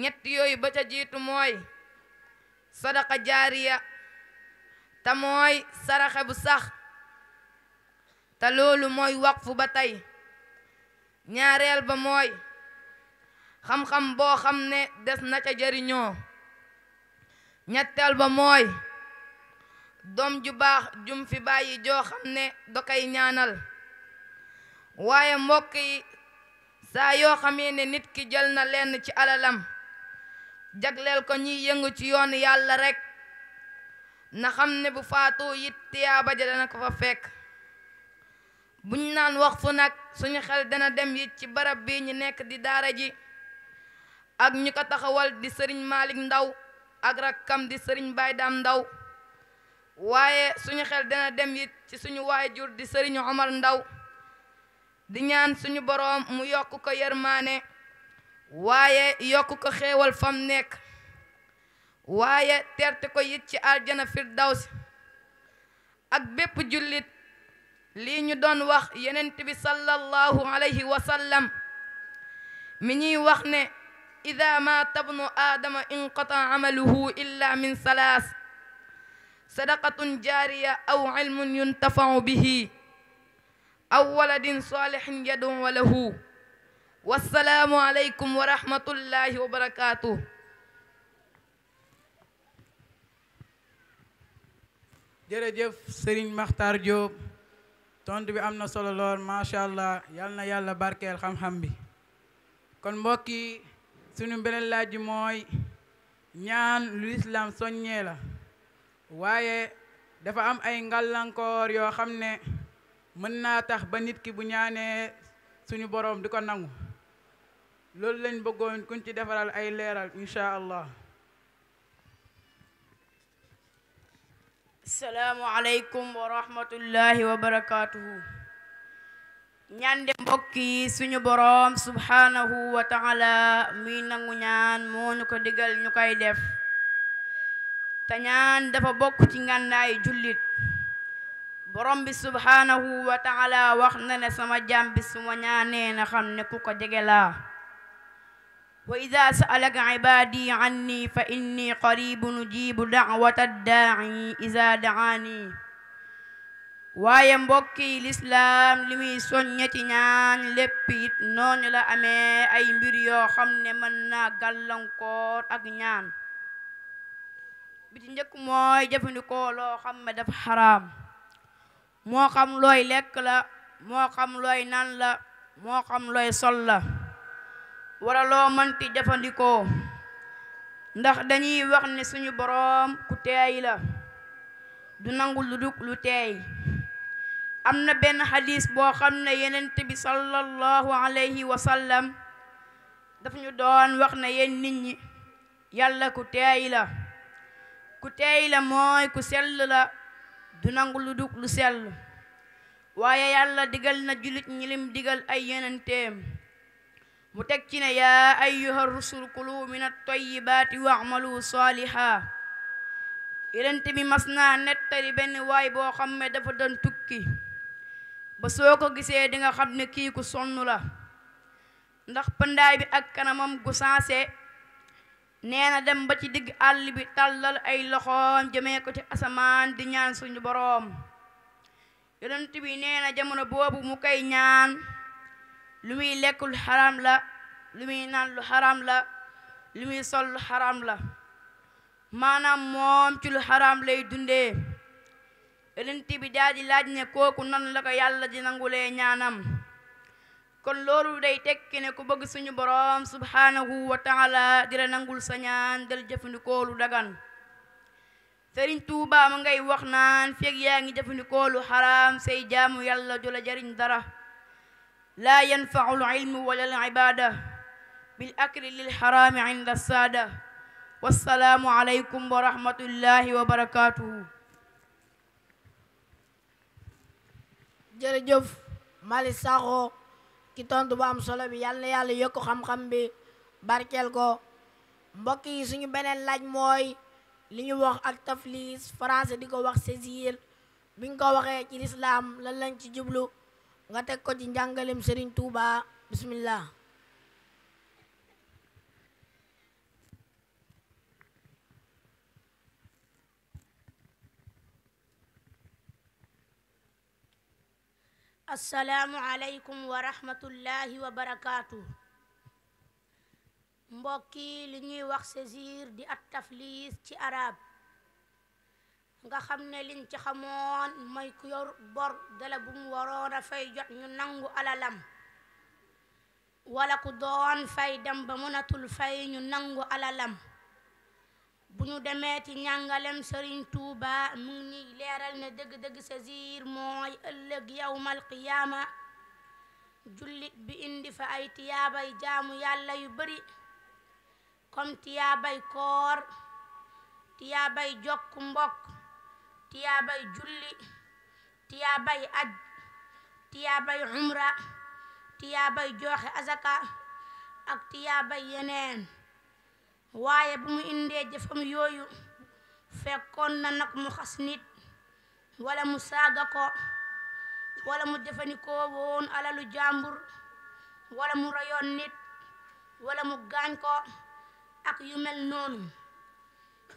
ñett yooyu ba ca jiitu mooy sadaqa jaariya te mooy saraxe bu sax te loolu mooy waqfu ba tey ñaareel ba mooy xam-xam boo xam ne des na ca jariñoo ñetteel ba mooy doom ju baax jum fi bàyyi joo xam ne da koy ñaanal waaye mbokk yi saa yoo xamee ne nit ki jël na lenn ci alalam jagleel ko ñuy yëngu ci yoon yàlla rekk na xam ne bu faatoo it tiyaaba ja dana ko fa fekk buñ naan wax fu nag suñu xel dana dem it ci barab bi ñu nekk di daara ji ak ñu ko taxawal di sëriñ Malick Ndaw ak rakkam di sëriñ Baay Ndaw waaye suñu xel dana dem it ci suñu waajur di sëriñ Omar Ndaw di ñaan suñu boroom mu yokk ko yërmaane waaye yokk ko xéewal fam nekk waaye terte ko it ci aljana firdaws ak bépp jullit lii ñu doon wax yenent bi sallallahu alayhi wa sallam mi ñuy wax ne ida maata bnu aadama inqata amaluhu illa min salaas sadaqatun jaariya aw ilmun yuntafacu bihi aw waladin saalixin yadun walahu wassalaamu aleykum wa rahmatullahi wa barakaatuh jërëjëf Sëriñ Maxtaar Jóob tontu bi am na solo lool macha allah yal na yàlla barkeel xam-xam bi kon mbokk yi sunu beneen laaj ji mooy ñaan lu islam soññee la waaye dafa am ay ngàllankoor yoo xam ne mën naa tax ba nit ki bu ñaanee suñu boroom di ko nangu loolu lañ bëggoon kuñ ci defaral ay leeral incha allah asalaamu aleykum wa rahmatullahi wa ñande mbokk yi suñu boroom subhanahu wa taala muy nangu ñaan moo ñu ko déggal ñu koy def te ñaan dafa bokk ci ngàndaay jullit borom bi subhanahu wa taala wax na ne sama jaam bi suma ñaanee na xam ne ku ko jege laa wa ida sa'alaka ibadi anni fa inni qaribun ujibu da'wata daa'i ida da'ani waaye mbokk yi lislaam li muy soññe ci ñaan lépp yit noonu la amee ay mbir yoo xam ne mën naa gàllankoor ak ñaan bi ci njëkk mooy jëfandikoo loo xam ne dafa xaraam moo xam looy lekk la moo xam looy nan la moo xam looy sol la wala loo mënti jëfandikoo ndax dañuy wax ne suñu boroom ku teey la du nangu lu dug lu teey am na benn xadis boo xam ne yenent bi sallallahu alayhi wa sallam daf ñu doon wax na yenn nit ñi yàlla ku teey la ku teey la mooy ku sell la du nangu lu dug lu sell waaye yàlla digal na julit ñi lim digal ay yenenteem mu teg ci ne yaa ayyuha rusul kulu min at-tayyibaati wa'malu saaliha yenent bi mas naa nettali benn waay boo xam ne dafa doon tukki ba soo ko gisee di nga xam ne kii ku sonn la ndax pëndaay bi ak kanamam gu sanse neena dem ba ci digg àll bi tàllal ay loxoom jëmee ko ci asamaan di ñaan suñu boroom yonent bi nee na jamono boobu mu koy ñaan lu muy lekk lu xaram la lu muy naan lu xaram la lu muy sol lu xaram la maanaam moom ci lu xaram lay dundee yonent bi daal di laaj ne kooku nan la ko yàlla di nangulee ñaanam kon loolu day tekki ne ku bëgg suñu boroom subhaanahu wa taala di la nangul sa ñaan del jëfandikoo lu dagan Sëriñ Tuubaa ma ngay wax naan feeg yaa ngi jëfandikoo lu xaraam say jaamu yàlla du la jariñ dara laa yanfau l ilmu wala l ibaada bil akli lil xaraami inda saada wassalaamu aleykum wa rahmatullahi wa barakaatuhu jërëjëf mali Sakho ki tontu bu am solo bi yàlla na yàlla yokk xam-xam bi barkeel ko mbokk yi suñu beneen laaj mooy li ñu wax ak taflis français di ko wax saisir bi nga ko waxee ci lislaam lan lañ ci jublu nga teg ko ci njàngalem Serigne Touba bismillah assalaamu aleykum wa rahmatullahi wa barakaatu mbokki li ñuy wax saisir di at taflis ci arab nga xam ne liñ ci xamoon mooy ku yor bor dala bu mu fay jot ñu nangu alalam wala ku doon fay dem ba mënatul fay ñu nangu alalam bu ñu demee ci njàngalem Serigne Touba mu ngi ñuy leeral ne dëgg-dëgg saziir mooy ëllëg yawmal qiyaama jullit bi indi fa ay tiyaabay jaamu yàlla yu bari comme tiyaabay koor tiyaabay jokk mbokk tiyaabay julli tiyaabay aj tiyaabay umra tiyaabay joxe azaka ak tiyaabay yeneen waaye bi mu indee jëfam yooyu fekkoon na nag mu xas nit wala mu saaga ko wala mu jëfandikoo woon alalu jàmbur wala mu rayoon nit wala mu gaañ ko ak yu mel noonu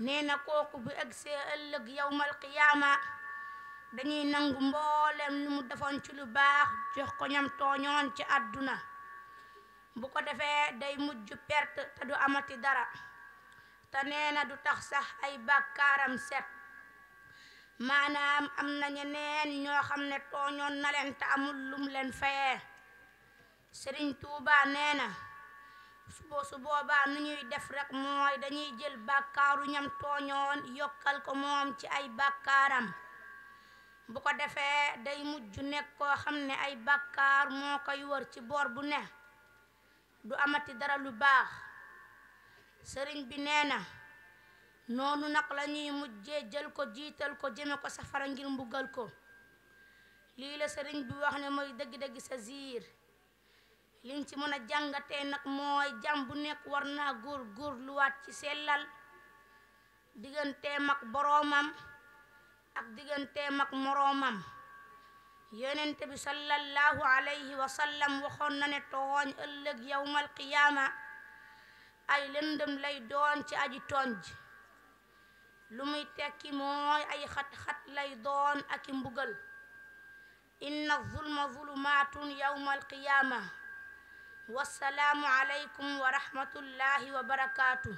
nee na kooku bu egsee ëllëg yawmal qiyaama dañuy nangu mboolem lu mu defoon ci lu baax jox ko ñam tooñoon ci àdduna bu ko defee day mujj perte te du amati dara te neena du tax sax ay bàkkaaram set maanaam am na ñeneen ñoo xam ne tooñoon na leen te amul lum leen fayee sëriñ tuuba nee na subo su boobaa nu ñuy def rekk mooy dañuy jël bakkaaru ñam tooñoon yokkal ko moom ci ay bakkaaram bu ko defee day mujj nekk koo xam ne ay bàkkaar moo koy wër ci boor bu ne du amati dara lu baax sëriñ bi nee na noonu nag lañuy mujje jël ko jiital ko jëme ko safara ngir mbugal ko lii la sëriñ bi wax ne mooy dëgg-dëgg sa ziir liñ ci mën a jàngate nag mooy jàmm bu nekk war naa góor góor luwaat ci sellal digganteem ak boroomam ak digganteem ak moroomam yonent bi sallallahu alayhi wa sallam waxoon na ne tooñ ëllëg yawmal qiyaama ay lëndëm lay doon ci aji tooñ ji lu muy tekki mooy ay xat-xat lay doon ak i mbugal inna zulma zulumaatun yawmal qiyaama wassalaamu alaykum wa rahmatullahi wa barakaatu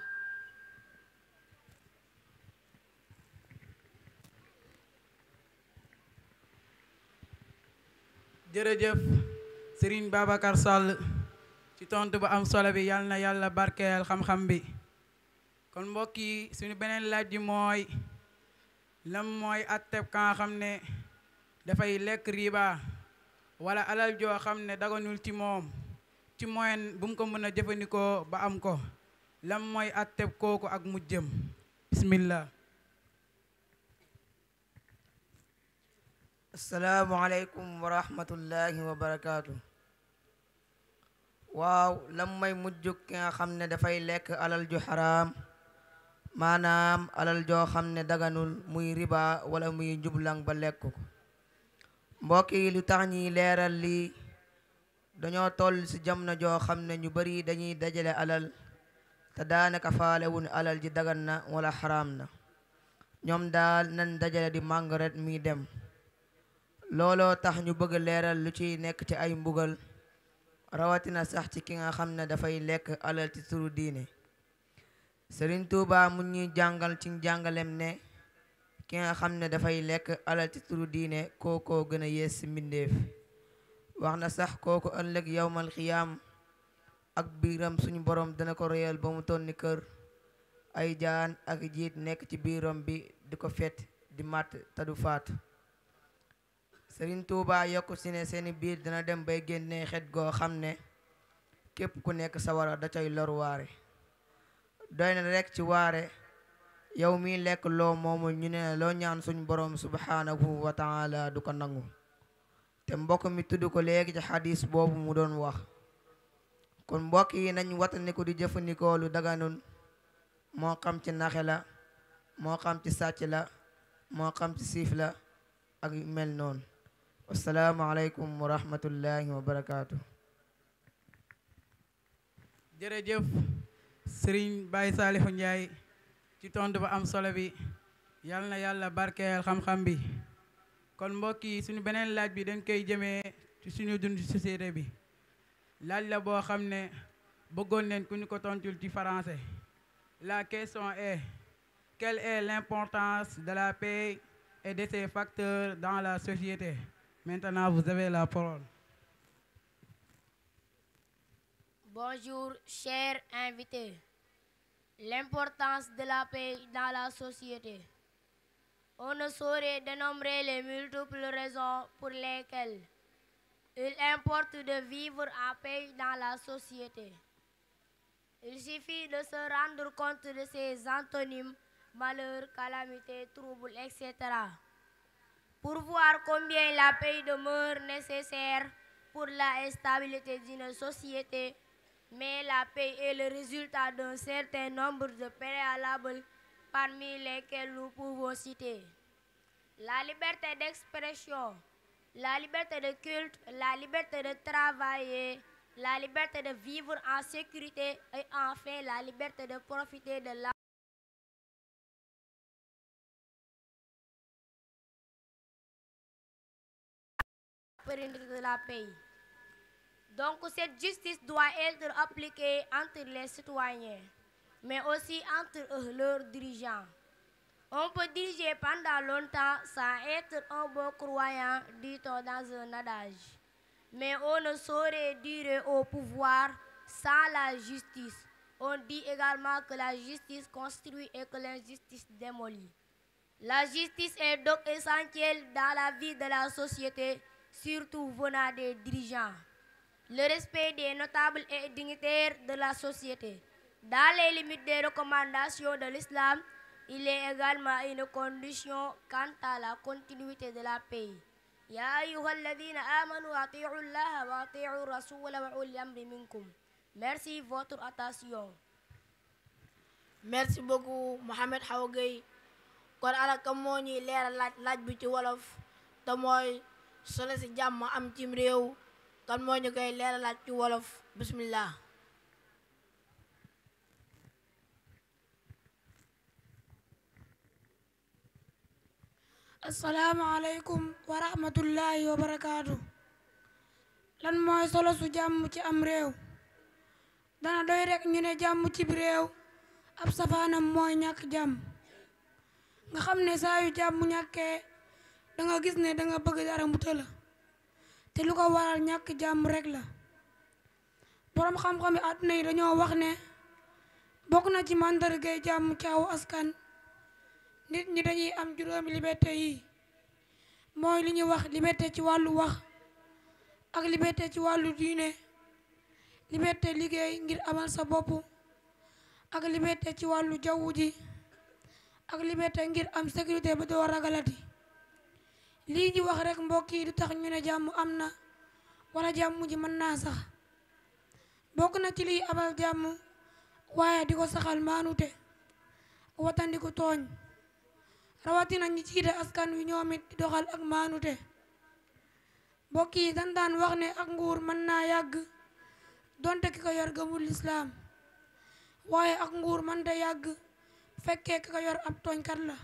jërëjëf Serigne Babacar sàll ci tontu ba am solo bi yal na yàlla barkeel xam-xam bi kon mbokk yi suñu beneen laaj bi mooy lan mooy atteb ka nga xam ne dafay lekk riba wala alal joo xam ne daganul ci moom ci moyen bu mu ko mën a jëfandikoo ba am ko lam mooy atteb kooku ak mujjëm bismillah asalaamualeykum wa rahmatullahi wa barakaatu waaw lan may mujj ki nga xam ne dafay lekk alal ju xaraam maanaam alal joo xam ne daganul muy riba wala muy njublang ba lekk ko mbokk yi lu tax ñiy leeral lii dañoo toll ci jamono joo xam ne ñu bari dañuy dajale alal te daanaka faalewuñ alal ji dagan na wala xaraam na ñoom daal nan dajale di màng ret muy dem looloo tax ñu bëgg leeral lu ciy nekk ci ay mbugal rawatina sax ci ki nga xam ne dafay lekk alal ci turu diine sëriñ tuuba mu ñuy jàngal ci jàngalem ne ki nga xam ne dafay lekk alal ci turu diine kookoo gën a yées ci mbindeef wax na sax kooku ëllëg yowmal xiyaam ak biiram suñu borom dina ko réyal ba mu tonni kër ay jaan ak jiit nekk ci biiram bi di ko fete di màtt te du faat sëriñ tuubaa yokku si ne seeni biir dina dem bay génnee xet goo xam ne képp ku nekk sa da cay lor waare doy na rekk ci waare yow mi lekk loo moomu ñu ne loo ñaan suñ boroom subhaanahu wa taala du ko nangu te mbokk mi tudd ko léegi ci xadis boobu mu doon wax kon mbokk yi nañu wataniku di jëfandikoo lu daganul moo xam ci naxe la moo xam ci sàcc la moo xam ci siif la ak mel noonu asalaamualeykum wa rahmatullahi wa barakaatu. jërëjëf Serigne Baye Salihou Ndiaye ci tontu ba am solo bi yal na yàlla barkeel xam-xam bi kon mbokk yi suñu beneen laaj bi dañ koy jëmee ci suñu dund société bi laaj la boo xam ne bëggoon neen ku ñu ko tontul ci français la question est quelle est l'importance de la paix et de ses facteurs dans la société Maintenant, vous avez la parole. Bonjour, L'importance de la paix dans la société. On ne saurait dénombrer les multiples raisons pour lesquelles il importe de vivre en paix dans la société. Il suffit de se rendre compte de ces antonymes, malheur, calamité, trouble, etc. pour voir combien la paix demeure nécessaire pour la stabilité d'une société, mais la paix est le résultat d'un certain nombre de préalables parmi lesquels nous pouvons citer la liberté d'expression, la liberté de culte, la liberté de travailler, la liberté de vivre en sécurité et enfin la liberté de profiter de la souveraineté de la pays. Donc cette justice doit être appliquée entre les citoyens, mais aussi entre leurs dirigeants. On peut diriger pendant longtemps sans être un bon croyant, dit-on dans un adage. Mais on ne saurait durer au pouvoir sans la justice. On dit également que la justice construit et que l'injustice démolit. La justice est donc essentielle dans la vie de la société surtout venant des dirigeants. Le respect des notables et dignitaires de la société. Dans les limites des recommandations de l'islam, il est également une condition quant la continuité de la paix. يا أيها الذين آمنوا أطيعوا الله وأطيعوا الرسول وأولي الأمر منكم. Merci de votre attention. Merci beaucoup Mohamed Awa Gueye kon ana kam moo ñuy leeral laaj laaj bi ci wolof te mooy solo si jàmm am cim réew kan moo ñu koy leeralaat ci wolof bismillah asalaamaaleykum wa rahmatullahi wa barakaatu lan mooy solo su jàmm ci am réew dana doy rek ñu ne jàmm ci réew ab safaanam mooy ñàkk jàmm nga xam ne saa jàmm ñàkkee da nga gis ne danga bëgg dara mu të la te lu ko waral ñàkk jàmm rek la boroom xam-xam yi àdduna yi dañoo wax ne bokk na ci màndargay jàmm caawu askan nit ñi dañuy am juróomi liberté yi mooy li ñuy wax liberté ci wàllu wax ak liberté ci wàllu diine liberté liggéey ngir amal sa bopp ak liberté ci wàllu jaww ji ak liberté ngir am sécurité ba doo ragalati lii ñu wax rek mbokk yi du tax ñu ne jàmm am na wala jàmm ji mën naa sax bokk na ci liy abal jàmm waaye di ko saxal maanute watandiku tooñ rawatina ñi jiite askan wi ñoom it di doxal ak maanute mbokk yi dañ daan wax ne ak nguur mën naa yàgg donte ki ko yor gëmul lislaam waaye ak nguur mënta yàgg fekkee ki ko yor ab tooñkat la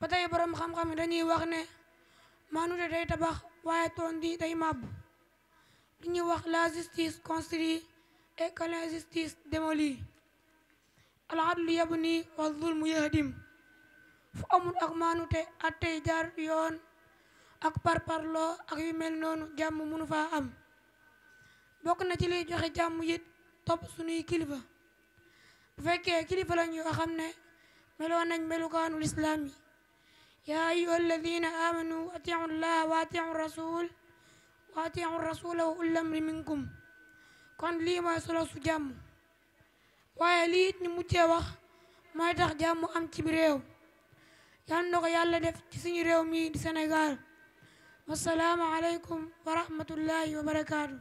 ba tey boroom xam-xam dañuy wax ne maanute day tabax waaye toon di day màbb li wax la justice construit et que la justice démolit al adlu yabni wa zulmu yahdim fu amul ak maanute attey jaar yoon ak parparloo ak yu mel noonu jàmm mënu faa am bokk na ci liy joxe jàmm it topp suñuy kilifa bu fekkee kilifa lañu yoo xam ne meloo nañ melukaanu yi يا أيها الذين آمنوا أطيعوا الله وأطيعوا الرسول وأطيعوا الرسول وأولي الأمر منكم kon lii mooy solo su jàmm waaye lii it ñu mujjee wax mooy tax jàmm am ci bi réew yal na ko yàlla def ci suñu réew mii di Sénégal wasalaamu aleykum wa rahmatullahi wa barakaatu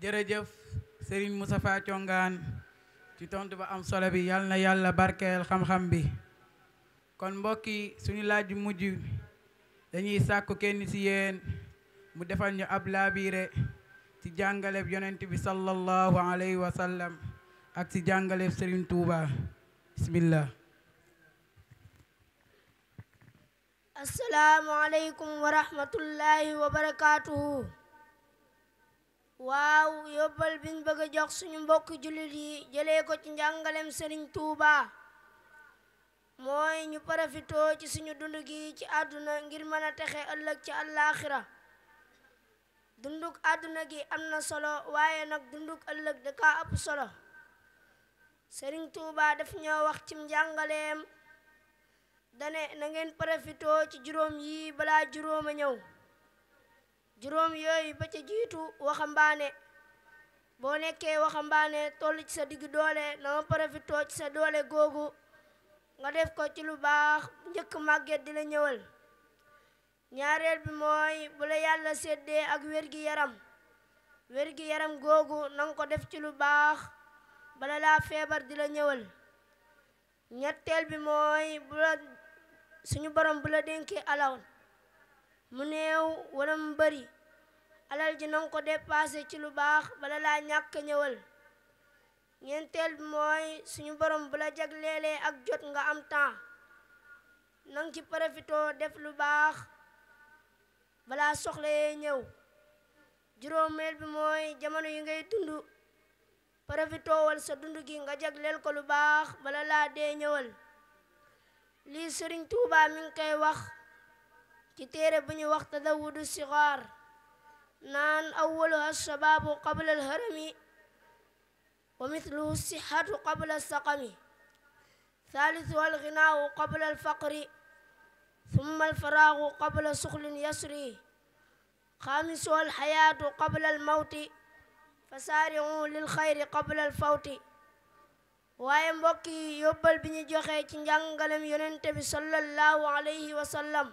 jërëjëf Serigne Moustapha Thiongaan ci tontu ba am solo bi yal na yàlla barkeel xam-xam bi kon mbokki suñu laaj mujj dañuy sàkku kenn ci yéen mu defal ñu ab laabiire ci jàngaleb yonent bi sallallahu alayhi wa sallam ak ci jàngaleb Serigne Touba bismillah waaw yóbbal biñ bëgg a jox suñu mbokk jullit yi jële ko ci njàngalem sëriñ Touba mooy ñu profitoo ci suñu dund gi ci àdduna ngir mën a texe ëllëg ci àllaaxira dunduk àdduna gi am na solo waaye nag dunduk ëllëg da ëpp solo sëriñ Touba daf ñoo wax ci njàngaleem dane na ngeen profitoo ci juróom yi balaa juróom a ñëw juróom yooyu ba ca jiitu waxambaane boo nekkee waxambaane toll ci sa digg doole na nga ci sa doole googu nga def ko ci lu baax njëkk màgget di la ñëwal ñaareel bi mooy bu la yàlla seddee ak wérgi yaram wérgi yaram googu nanga ko def ci lu baax bala laa feebar di la ñëwal ñetteel bi mooy bu la suñu borom bu la dénkee alal mu new wala mu bari alal ji nanga ko dépassé ci lu baax bala laa ñàkk ñëwal ñeenteel bi mooy suñu borom bu la jagleelee ak jot nga am temps nanga ci profitoo def lu baax balaa soxla yee ñëw juróomeel bi mooy jamono yi ngay dund profitoowal sa dund gi nga jagleel ko lu baax bala laa dee ñëwal lii Sëriñ Tuubaa mi ngi koy wax ci téere bu ñu wax tadawudu sigaar naan awaluha shababu qabla alharami wa mithluhu sihatu qabla alsaqami thalithuha alghinaau qabla alfaqri thumma alfaraagu qabla suxlin yasri xaamisuha alxayaatu qabla almawti fasaariu lilxayri qabla alfawti waaye mbokk yi yóbbal bi ñu joxe ci njàngalem yonente bi sallallahu alayhi wa sallam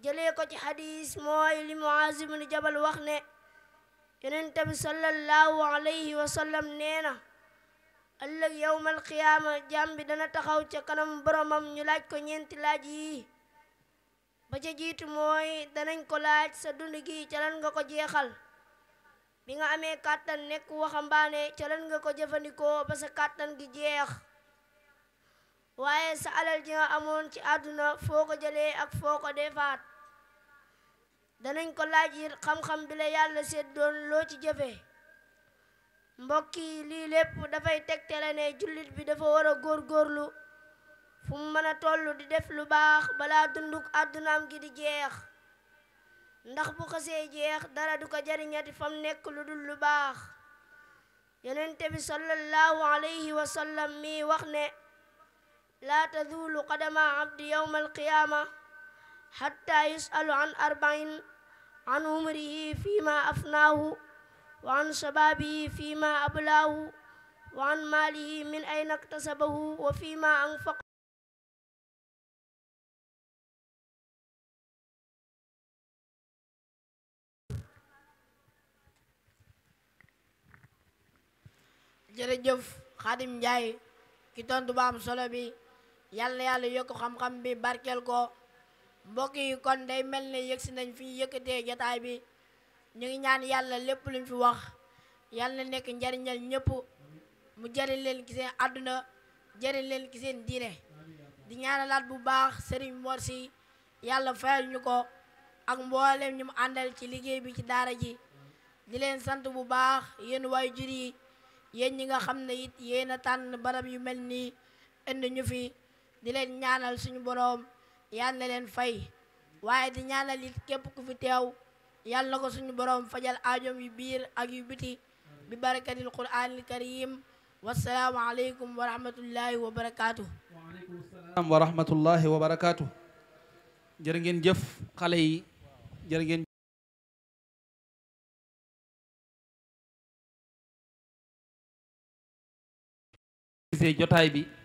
jëlee ko ci xadis mooy li Muaaz ibn Jabal wax ne yonent bi sallallahu alayhi wa sallam nee na ëllëg yowmal qiyaama bi dana taxaw ca kanam boromam ñu laaj ko ñeenti laaj yi ba ca jiitu mooy danañ ko laaj sa dund gi ca lan nga ko jeexal bi nga amee kàttan nekk waxambaane ca lan nga ko jëfandikoo ba sa kàttan gi jeex waaye sa alal ji nga amoon ci àdduna foo ko jëlee ak foo ko defaat danañ ko laaj it xam-xam bi la yàlla séddoon loo ci jëfee mbokk yi lii lépp dafay tegtale ne jullit bi dafa war a góorgóorlu fu mu mën a toll di def lu baax balaa dunduk àddunaam gi di jeex ndax bu xasee jeex dara du ko jariñati fam nekk lu dul lu baax yonente bi sallallahu alayhi wa sallam mi wax ne laa tazuulu qadama abdi yawma alqiyaama حتى يسأل عن أربعين عن عمره فيما أفناه وعن شبابه فيما أبلاه وعن ماله من أين اكتسبه وفيما أنفقه jërëjëf Xaadim Njaay ki tontu ba am solo bi yàlla yàlla yokk xam-xam bi barkeel ko mbokk yi kon day mel ne yëgsi nañ fi yëkkatee jataay bi ñu ngi ñaan yàlla lépp luñ fi wax yàlla na nekk njariñal ñëpp mu jëriñ leen ci seen àdduna jëriñ leen ci seen diine di ñaanalaat bu baax sëriñ Mor Sy yàlla fayal ñu ko ak mboolem ñu mu àndal ci liggéey bi ci daara ji di leen sant bu baax yéen waajur yi yéen ñi nga xam ne it yéen a tànn barab yu mel nii indi ñu fi di leen ñaanal suñu boroom yal na leen fay waaye di ñaanal it képp ku fi teew yal na ko suñu borom fajal aajoom yu biir ak yu biti bi barakatil quraanil karim wasalaamu aleykum wa wa barakaatu. waaleykum jëf xale yi jërë jotaay bi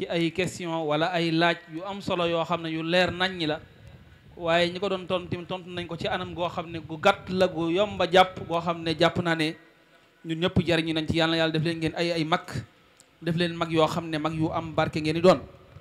ci ay question wala ay laaj yu am solo yoo xam ne yu leer nañ ñi la waaye ñi ko doon ton tontu tontu nañ ko ci anam goo xam ne gu gàtt la gu yomba jàpp goo xam ne jàpp naa ne ñun ñëpp jariñu nañ ci yàlla yàlla def leen ngeen ay ay mag def leen mag yoo xam ne mag yu am barke ngeen di doon